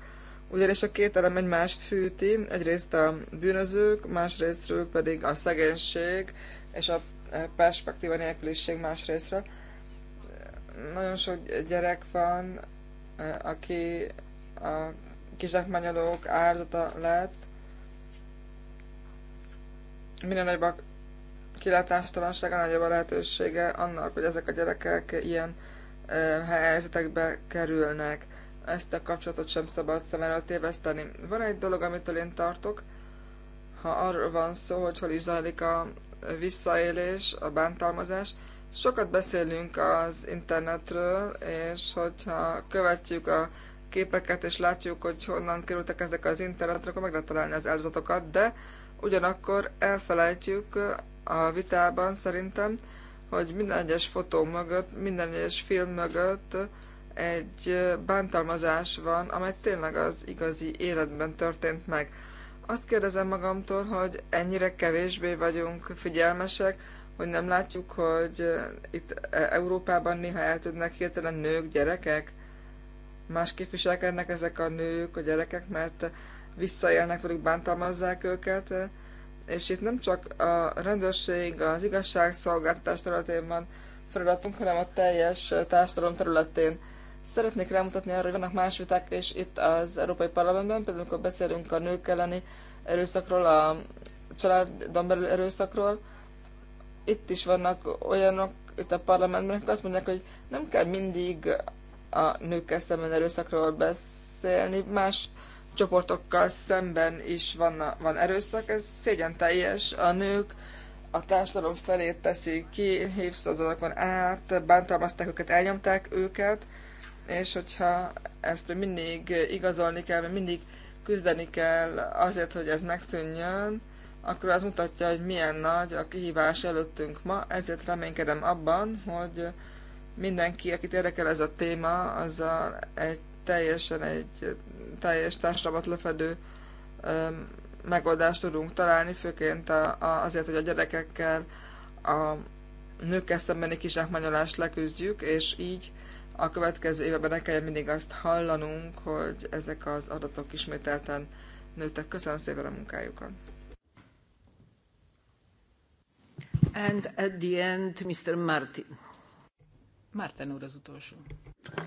ugyanis a két elem egymást fűti, egyrészt a bűnözők, másrésztről pedig a szegénység és a perspektíva nélküliség másrésztre. Nagyon sok gyerek van, aki a kizsákmányolók árzata lett, minden nagyobb a a nagyobb a lehetősége annak, hogy ezek a gyerekek ilyen eh, helyzetekbe kerülnek ezt a kapcsolatot sem szabad szem előtt téveszteni. Van egy dolog, amitől én tartok, ha arról van szó, hogy hol is zajlik a visszaélés, a bántalmazás. Sokat beszélünk az internetről, és hogyha követjük a képeket, és látjuk, hogy honnan kerültek ezek az internetre, akkor meg lehet találni az elzatokat, de ugyanakkor elfelejtjük a vitában szerintem, hogy minden egyes fotó mögött, minden egyes film mögött egy bántalmazás van, amely tényleg az igazi életben történt meg. Azt kérdezem magamtól, hogy ennyire kevésbé vagyunk figyelmesek, hogy nem látjuk, hogy itt e, Európában néha el tudnak hirtelen nők, gyerekek, másképp viselkednek ezek a nők, a gyerekek, mert visszaélnek velük, bántalmazzák őket, és itt nem csak a rendőrség, az igazságszolgáltatás területén van feladatunk, hanem a teljes társadalom területén. Szeretnék rámutatni arra, hogy vannak más viták, és itt az Európai Parlamentben, például amikor beszélünk a nők elleni erőszakról, a családon belül erőszakról, itt is vannak olyanok itt a parlamentben, akik azt mondják, hogy nem kell mindig a nőkkel szemben erőszakról beszélni, más csoportokkal szemben is van, a, van erőszak, ez szégyen teljes. A nők a társadalom felé teszi ki, évszázadokon át, bántalmazták őket, elnyomták őket, és hogyha ezt még mindig igazolni kell, vagy mindig küzdeni kell azért, hogy ez megszűnjön, akkor az mutatja, hogy milyen nagy a kihívás előttünk ma, ezért reménykedem abban, hogy mindenki, akit érdekel ez a téma, az a, egy teljesen egy teljes társadalmat lefedő öm, megoldást tudunk találni, főként a, a, azért, hogy a gyerekekkel a nőkkel szembeni kizsákmányolást leküzdjük, és így a következő évben ne kelljen mindig azt hallanunk, hogy ezek az adatok ismételten nőttek. Köszönöm szépen a munkájukat. And at the end, Mr. Martin. Martin úr az utolsó.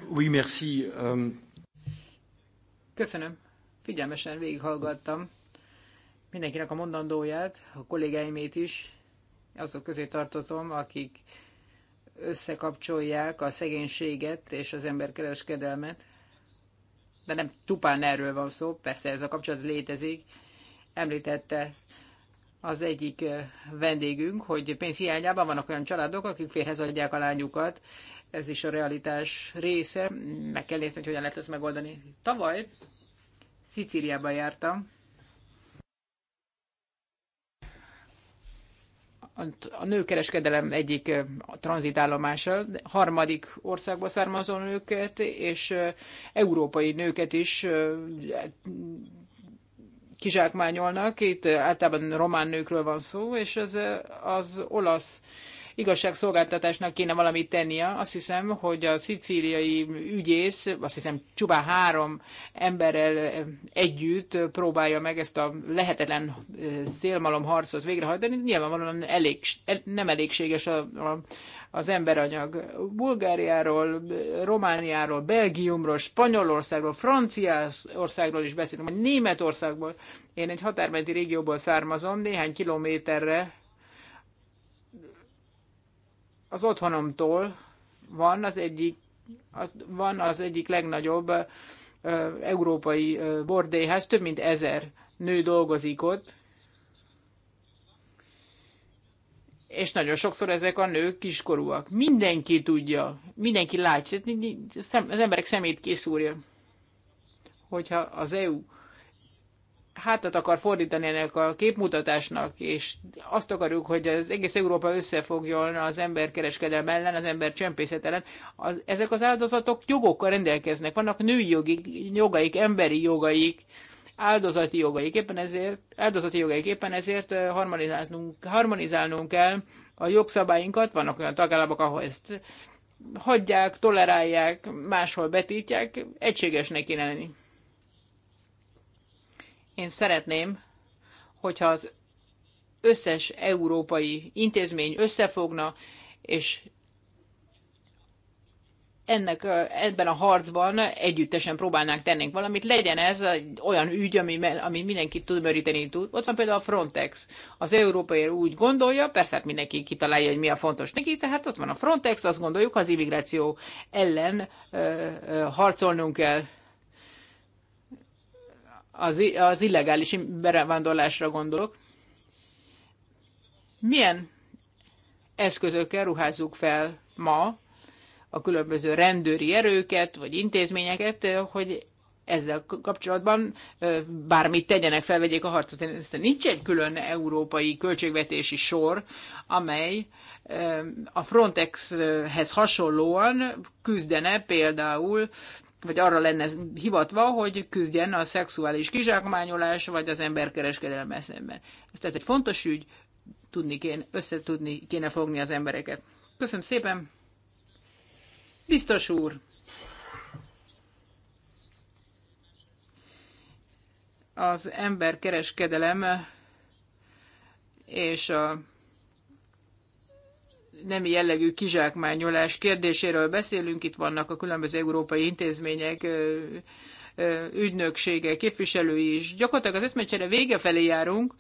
Oui, merci. Um... Köszönöm. Figyelmesen végighallgattam mindenkinek a mondandóját, a kollégáimét is. Azok közé tartozom, akik összekapcsolják a szegénységet és az emberkereskedelmet, de nem tupán erről van szó, persze ez a kapcsolat létezik. Említette az egyik eh, vendégünk, hogy hiányában vannak olyan családok, akik férhez adják a lányukat. Ez is a realitás része. Meg kell nézni, hogy hogyan lehet ezt megoldani. Tavaly Szicíliában jártam, a nőkereskedelem egyik a tranzitállomása, harmadik országba származó nőket és európai nőket is kizsákmányolnak. Itt általában román nőkről van szó, és ez az olasz igazságszolgáltatásnak kéne valamit tennie. Azt hiszem, hogy a szicíliai ügyész, azt hiszem csupán három emberrel eh, együtt próbálja meg ezt a lehetetlen eh, szélmalom harcot végrehajtani. Nyilvánvalóan elég, eh, nem elégséges a, a az emberanyag Bulgáriáról, Romániáról, Belgiumról, Spanyolországról, Franciaországról is beszélünk, vagy Németországból. Én egy határmenti régióból származom, néhány kilométerre az otthonomtól van az egyik, van az egyik legnagyobb európai bordélyház, több mint ezer nő dolgozik ott, és nagyon sokszor ezek a nők kiskorúak. Mindenki tudja, mindenki látja, az emberek szemét készúrja, Hogyha az EU hátat akar fordítani ennek a képmutatásnak, és azt akarjuk, hogy az egész Európa összefogjon az ember kereskedelme ellen, az ember csempészet ellen, az, ezek az áldozatok jogokkal rendelkeznek. Vannak női jogi, jogaik, emberi jogaik, áldozati jogaik, éppen ezért, áldozati jogaik, éppen ezért harmonizálnunk, harmonizálnunk kell a jogszabályinkat, vannak olyan tagállamok, ahol ezt hagyják, tolerálják, máshol betítják, egységesnek kéne lenni. Én szeretném, hogyha az összes európai intézmény összefogna, és ennek, ebben a harcban együttesen próbálnánk tennénk valamit, legyen ez olyan ügy, ami, ami mindenkit tud meríteni tud. Ott van például a Frontex. Az európai úgy gondolja, persze hát mindenki kitalálja, hogy mi a fontos neki, tehát ott van a Frontex, azt gondoljuk, az immigráció ellen ö, ö, harcolnunk kell az, az illegális bevándorlásra gondolok. Milyen eszközökkel ruházzuk fel ma a különböző rendőri erőket, vagy intézményeket, hogy ezzel kapcsolatban bármit tegyenek, felvegyék a harcot. Ezt nincs egy külön európai költségvetési sor, amely a Frontexhez hasonlóan küzdene például vagy arra lenne hivatva, hogy küzdjen a szexuális kizsákmányolás, vagy az emberkereskedelme szemben. Ez tehát egy fontos ügy, tudni kéne, összetudni kéne fogni az embereket. Köszönöm szépen! Biztos úr! Az emberkereskedelem és a nemi jellegű kizsákmányolás kérdéséről beszélünk. Itt vannak a különböző európai intézmények, ügynöksége, képviselői is. Gyakorlatilag az eszmecsere vége felé járunk,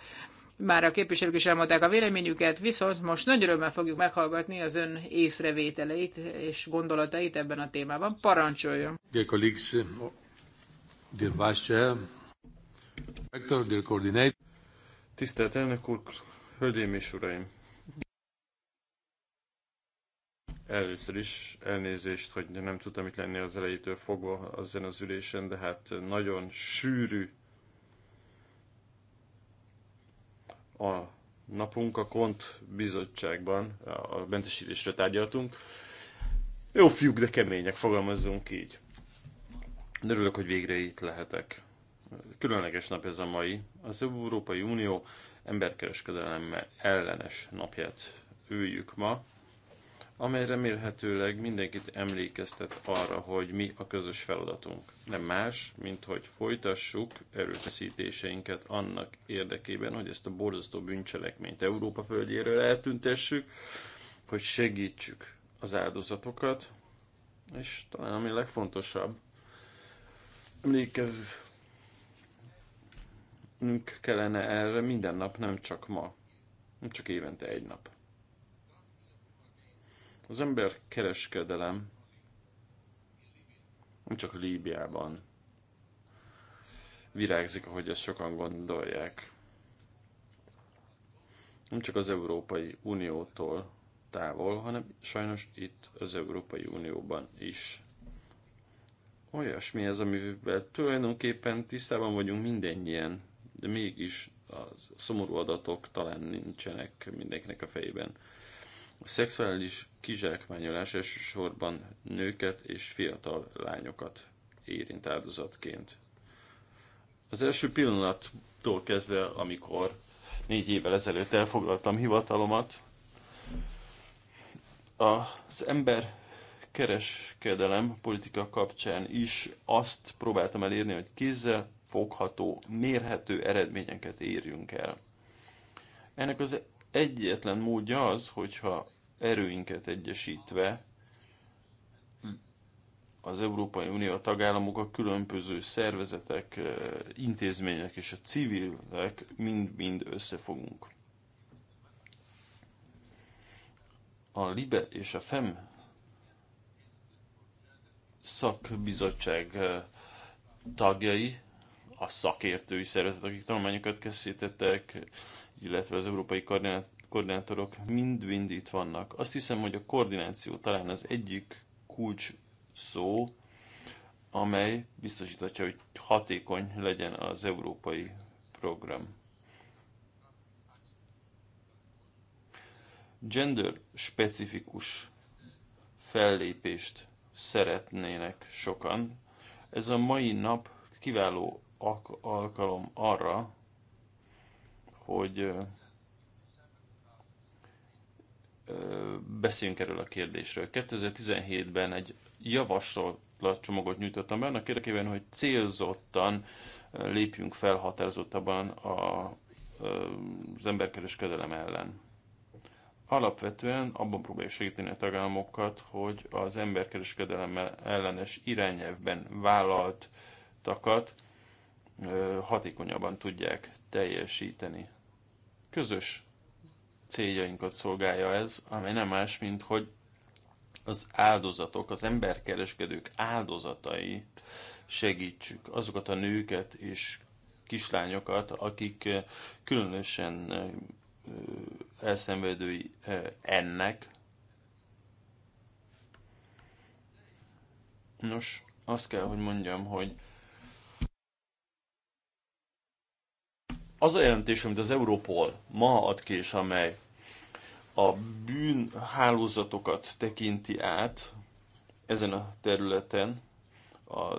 már a képviselők is elmondták a véleményüket, viszont most nagy örömmel fogjuk meghallgatni az ön észrevételeit és gondolatait ebben a témában. Parancsoljon! Dear colleagues, dear vice director, dear coordinator. Tisztelt elnök úr, hölgyeim és uraim! Először is elnézést, hogy nem tudtam itt lenni az elejétől fogva azon az ülésen, de hát nagyon sűrű a napunk a Kont bizottságban, a mentesítésre tárgyaltunk. Jó fiúk, de kemények, fogalmazzunk így. Örülök, hogy végre itt lehetek. Különleges nap ez a mai. Az Európai Unió emberkereskedelemmel ellenes napját üljük ma amely remélhetőleg mindenkit emlékeztet arra, hogy mi a közös feladatunk. Nem más, mint hogy folytassuk erőfeszítéseinket annak érdekében, hogy ezt a borzasztó bűncselekményt Európa földjéről eltüntessük, hogy segítsük az áldozatokat, és talán ami legfontosabb, emlékeznünk kellene erre minden nap, nem csak ma, nem csak évente egy nap. Az ember kereskedelem nem csak Líbiában virágzik, ahogy ezt sokan gondolják. Nem csak az Európai Uniótól távol, hanem sajnos itt az Európai Unióban is. Olyasmi ez, amivel tulajdonképpen tisztában vagyunk mindennyien, de mégis a szomorú adatok talán nincsenek mindenkinek a fejében. A szexuális kizsákmányolás elsősorban nőket és fiatal lányokat érint áldozatként. Az első pillanattól kezdve, amikor négy évvel ezelőtt elfoglaltam hivatalomat, az ember kereskedelem politika kapcsán is azt próbáltam elérni, hogy kézzel fogható, mérhető eredményeket érjünk el. Ennek az egyetlen módja az, hogyha erőinket egyesítve az Európai Unió a tagállamok, a különböző szervezetek, eh, intézmények és a civilek mind-mind összefogunk. A LIBE és a FEM szakbizottság eh, tagjai, a szakértői szervezetek, akik tanulmányokat készítettek, illetve az Európai Koordinát koordinátorok mind-mind itt vannak. Azt hiszem, hogy a koordináció talán az egyik kulcs szó, amely biztosítatja, hogy hatékony legyen az európai program. Gender specifikus fellépést szeretnének sokan. Ez a mai nap kiváló alkalom arra, hogy beszéljünk erről a kérdésről. 2017-ben egy javaslatcsomagot nyújtottam be, annak érdekében, hogy célzottan lépjünk fel határozottabban a, az emberkereskedelem ellen. Alapvetően abban próbálja segíteni a tagállamokat, hogy az emberkereskedelem ellenes irányelvben vállaltakat hatékonyabban tudják teljesíteni. Közös céljainkat szolgálja ez, ami nem más, mint hogy az áldozatok, az emberkereskedők áldozatai segítsük, azokat a nőket és kislányokat, akik eh, különösen eh, elszenvedői eh, ennek. Nos, azt kell, hogy mondjam, hogy az a jelentés, amit az Europol ma ad ki, és amely a bűnhálózatokat tekinti át ezen a területen, a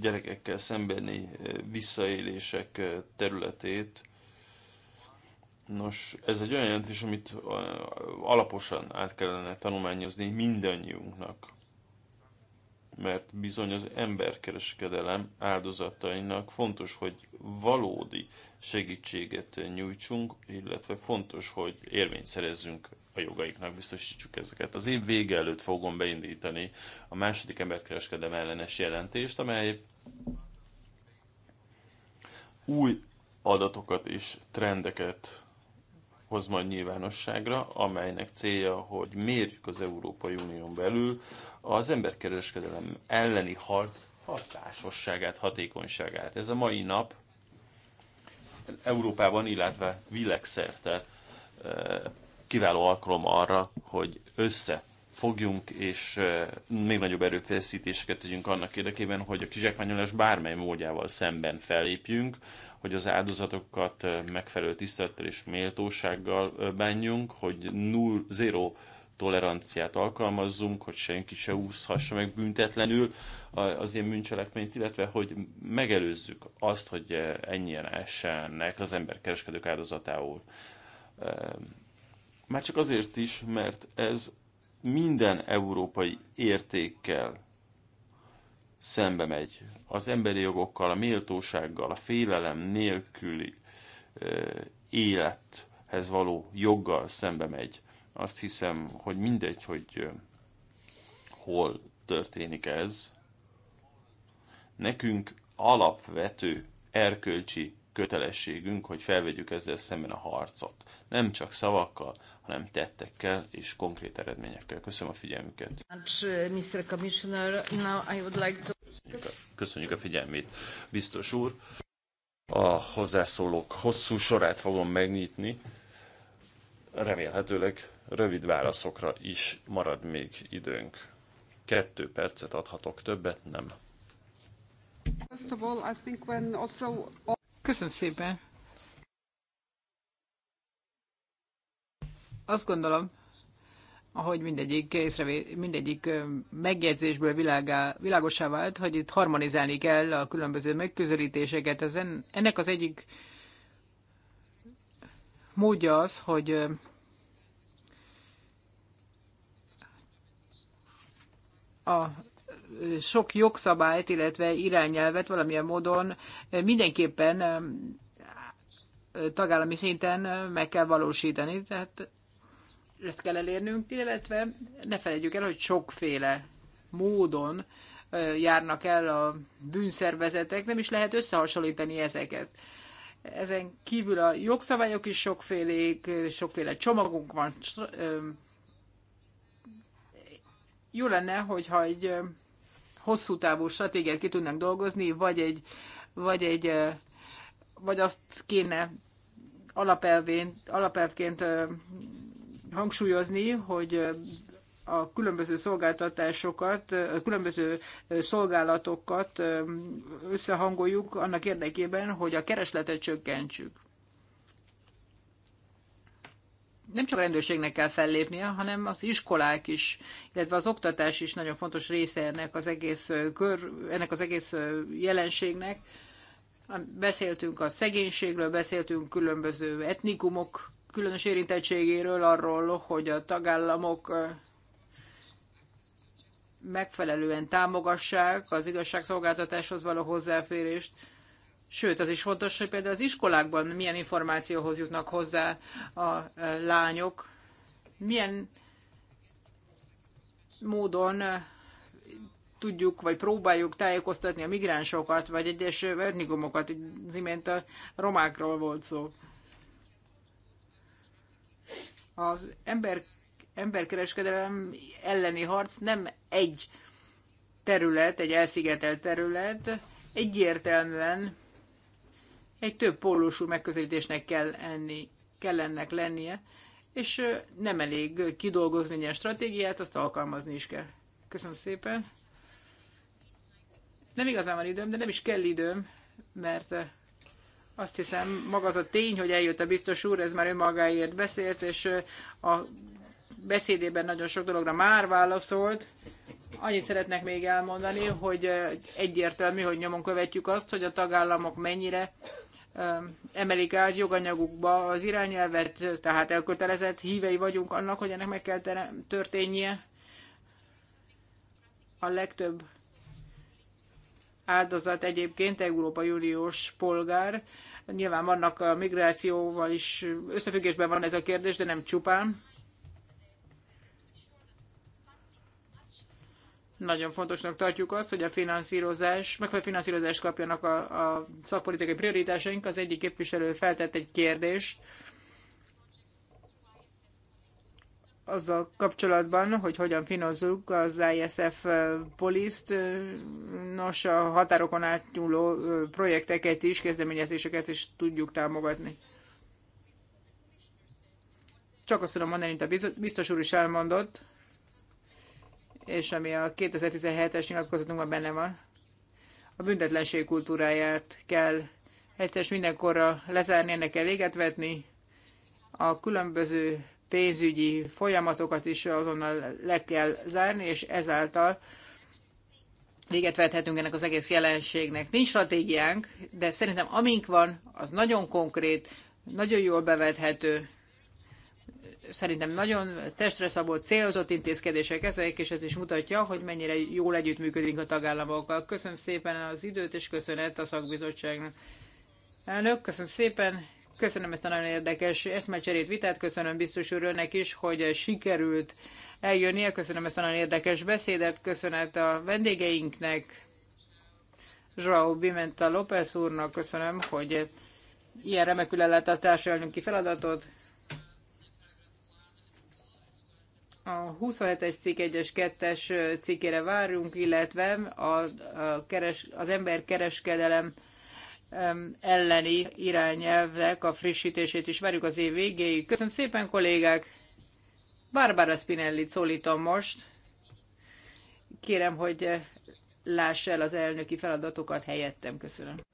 gyerekekkel szembeni eh, visszaélések eh, területét. Nos, ez egy olyan jelentés, amit eh, alaposan át kellene tanulmányozni mindannyiunknak mert bizony az emberkereskedelem áldozatainak fontos, hogy valódi segítséget nyújtsunk, illetve fontos, hogy érvényt szerezzünk a jogaiknak, biztosítsuk ezeket. Az év vége előtt fogom beindítani a második emberkereskedelem ellenes jelentést, amely új adatokat és trendeket hoz majd nyilvánosságra, amelynek célja, hogy mérjük az Európai Unión belül az emberkereskedelem elleni harc hatásosságát, hatékonyságát. Ez a mai nap Európában, illetve világszerte e, kiváló alkalom arra, hogy összefogjunk és e, még nagyobb erőfeszítéseket tegyünk annak érdekében, hogy a kizsákmányolás bármely módjával szemben fellépjünk, hogy az áldozatokat megfelelő tisztelettel és méltósággal bánjunk, hogy null, zéro toleranciát alkalmazzunk, hogy senki se úszhassa meg büntetlenül az ilyen bűncselekményt, illetve hogy megelőzzük azt, hogy ennyien essenek az emberkereskedők áldozatául. Már csak azért is, mert ez minden európai értékkel szembe megy az emberi jogokkal, a méltósággal, a félelem nélküli élethez való joggal szembe megy. Azt hiszem, hogy mindegy, hogy hol történik ez, nekünk alapvető erkölcsi kötelességünk, hogy felvegyük ezzel szemben a harcot. Nem csak szavakkal, hanem tettekkel és konkrét eredményekkel. Köszönöm a figyelmüket. Uh, köszönjük a figyelmét, biztos úr. A hozzászólók hosszú sorát fogom megnyitni. Remélhetőleg rövid válaszokra is marad még időnk. Kettő percet adhatok, többet nem. First of all, I think when also Köszönöm szépen. Azt gondolom, ahogy mindegyik, észrevé, mindegyik megjegyzésből világá, világosá vált, hogy itt harmonizálni kell a különböző megközelítéseket. Ez en, ennek az egyik módja az, hogy a sok jogszabályt, illetve irányelvet valamilyen módon mindenképpen tagállami szinten meg kell valósítani. Tehát ezt kell elérnünk, illetve ne felejtjük el, hogy sokféle módon járnak el a bűnszervezetek, nem is lehet összehasonlítani ezeket. Ezen kívül a jogszabályok is sokfélék, sokféle csomagunk van. Jó lenne, hogyha egy hosszú távú stratégiát ki tudnak dolgozni, vagy egy, vagy egy, vagy azt kéne alapelvén, alapelvként hangsúlyozni, hogy a különböző szolgáltatásokat, a különböző szolgálatokat összehangoljuk annak érdekében, hogy a keresletet csökkentsük nem csak a rendőrségnek kell fellépnie, hanem az iskolák is, illetve az oktatás is nagyon fontos része ennek az egész, kör, ennek az egész jelenségnek. Beszéltünk a szegénységről, beszéltünk különböző etnikumok különös érintettségéről, arról, hogy a tagállamok megfelelően támogassák az igazságszolgáltatáshoz való hozzáférést. Sőt, az is fontos, hogy például az iskolákban milyen információhoz jutnak hozzá a e, lányok, milyen módon e, tudjuk, vagy próbáljuk tájékoztatni a migránsokat, vagy egyes vernigomokat, az imént a romákról volt szó. Az ember, emberkereskedelem elleni harc nem egy terület, egy elszigetelt terület, egyértelműen egy több pólusú megközelítésnek kell enni, kell ennek lennie, és nem elég kidolgozni ilyen stratégiát, azt alkalmazni is kell. Köszönöm szépen. Nem igazán van időm, de nem is kell időm, mert azt hiszem, maga az a tény, hogy eljött a biztos úr, ez már önmagáért beszélt, és a beszédében nagyon sok dologra már válaszolt. Annyit szeretnek még elmondani, hogy egyértelmű, hogy nyomon követjük azt, hogy a tagállamok mennyire emelik át joganyagukba az irányelvet, tehát elkötelezett hívei vagyunk annak, hogy ennek meg kell történnie. A legtöbb áldozat egyébként Európai Uniós polgár. Nyilván vannak a eh, migrációval is, összefüggésben van ez a kérdés, de nem csupán. Nagyon fontosnak tartjuk azt, hogy a finanszírozás, megfelelő finanszírozást kapjanak a, a szakpolitikai prioritásaink. Az egyik képviselő feltett egy kérdést, azzal kapcsolatban, hogy hogyan finozzuk az ISF poliszt, nos a határokon átnyúló projekteket is, kezdeményezéseket is tudjuk támogatni. Csak azt tudom mondani, mint a biztos úr is elmondott, és ami a 2017-es nyilatkozatunkban benne van. A büntetlenség kultúráját kell egyszer mindenkorra lezárni, ennek kell véget vetni. A különböző pénzügyi folyamatokat is azonnal le kell zárni, és ezáltal véget vethetünk ennek az egész jelenségnek. Nincs stratégiánk, de szerintem amink van, az nagyon konkrét, nagyon jól bevethető, szerintem nagyon testre szabott, célzott intézkedések ezek, és ez is mutatja, hogy mennyire jól együttműködünk a tagállamokkal. Köszönöm szépen az időt, és köszönet a szakbizottságnak. Elnök, köszönöm szépen, köszönöm ezt a nagyon érdekes eszmecserét vitát, köszönöm biztos úrőnek is, hogy sikerült eljönnie, köszönöm ezt a nagyon érdekes beszédet, köszönet a vendégeinknek, Joao Bimenta López úrnak, köszönöm, hogy ilyen remekül ellátta a társadalmi feladatot, a 27-es cikk 1-es 2-es cikkére várunk, illetve a, a keres, az emberkereskedelem elleni irányelvek a frissítését is várjuk az év végéig. Köszönöm szépen, kollégák! Barbara Spinelli szólítom most. Kérem, hogy láss el az elnöki feladatokat helyettem. Köszönöm.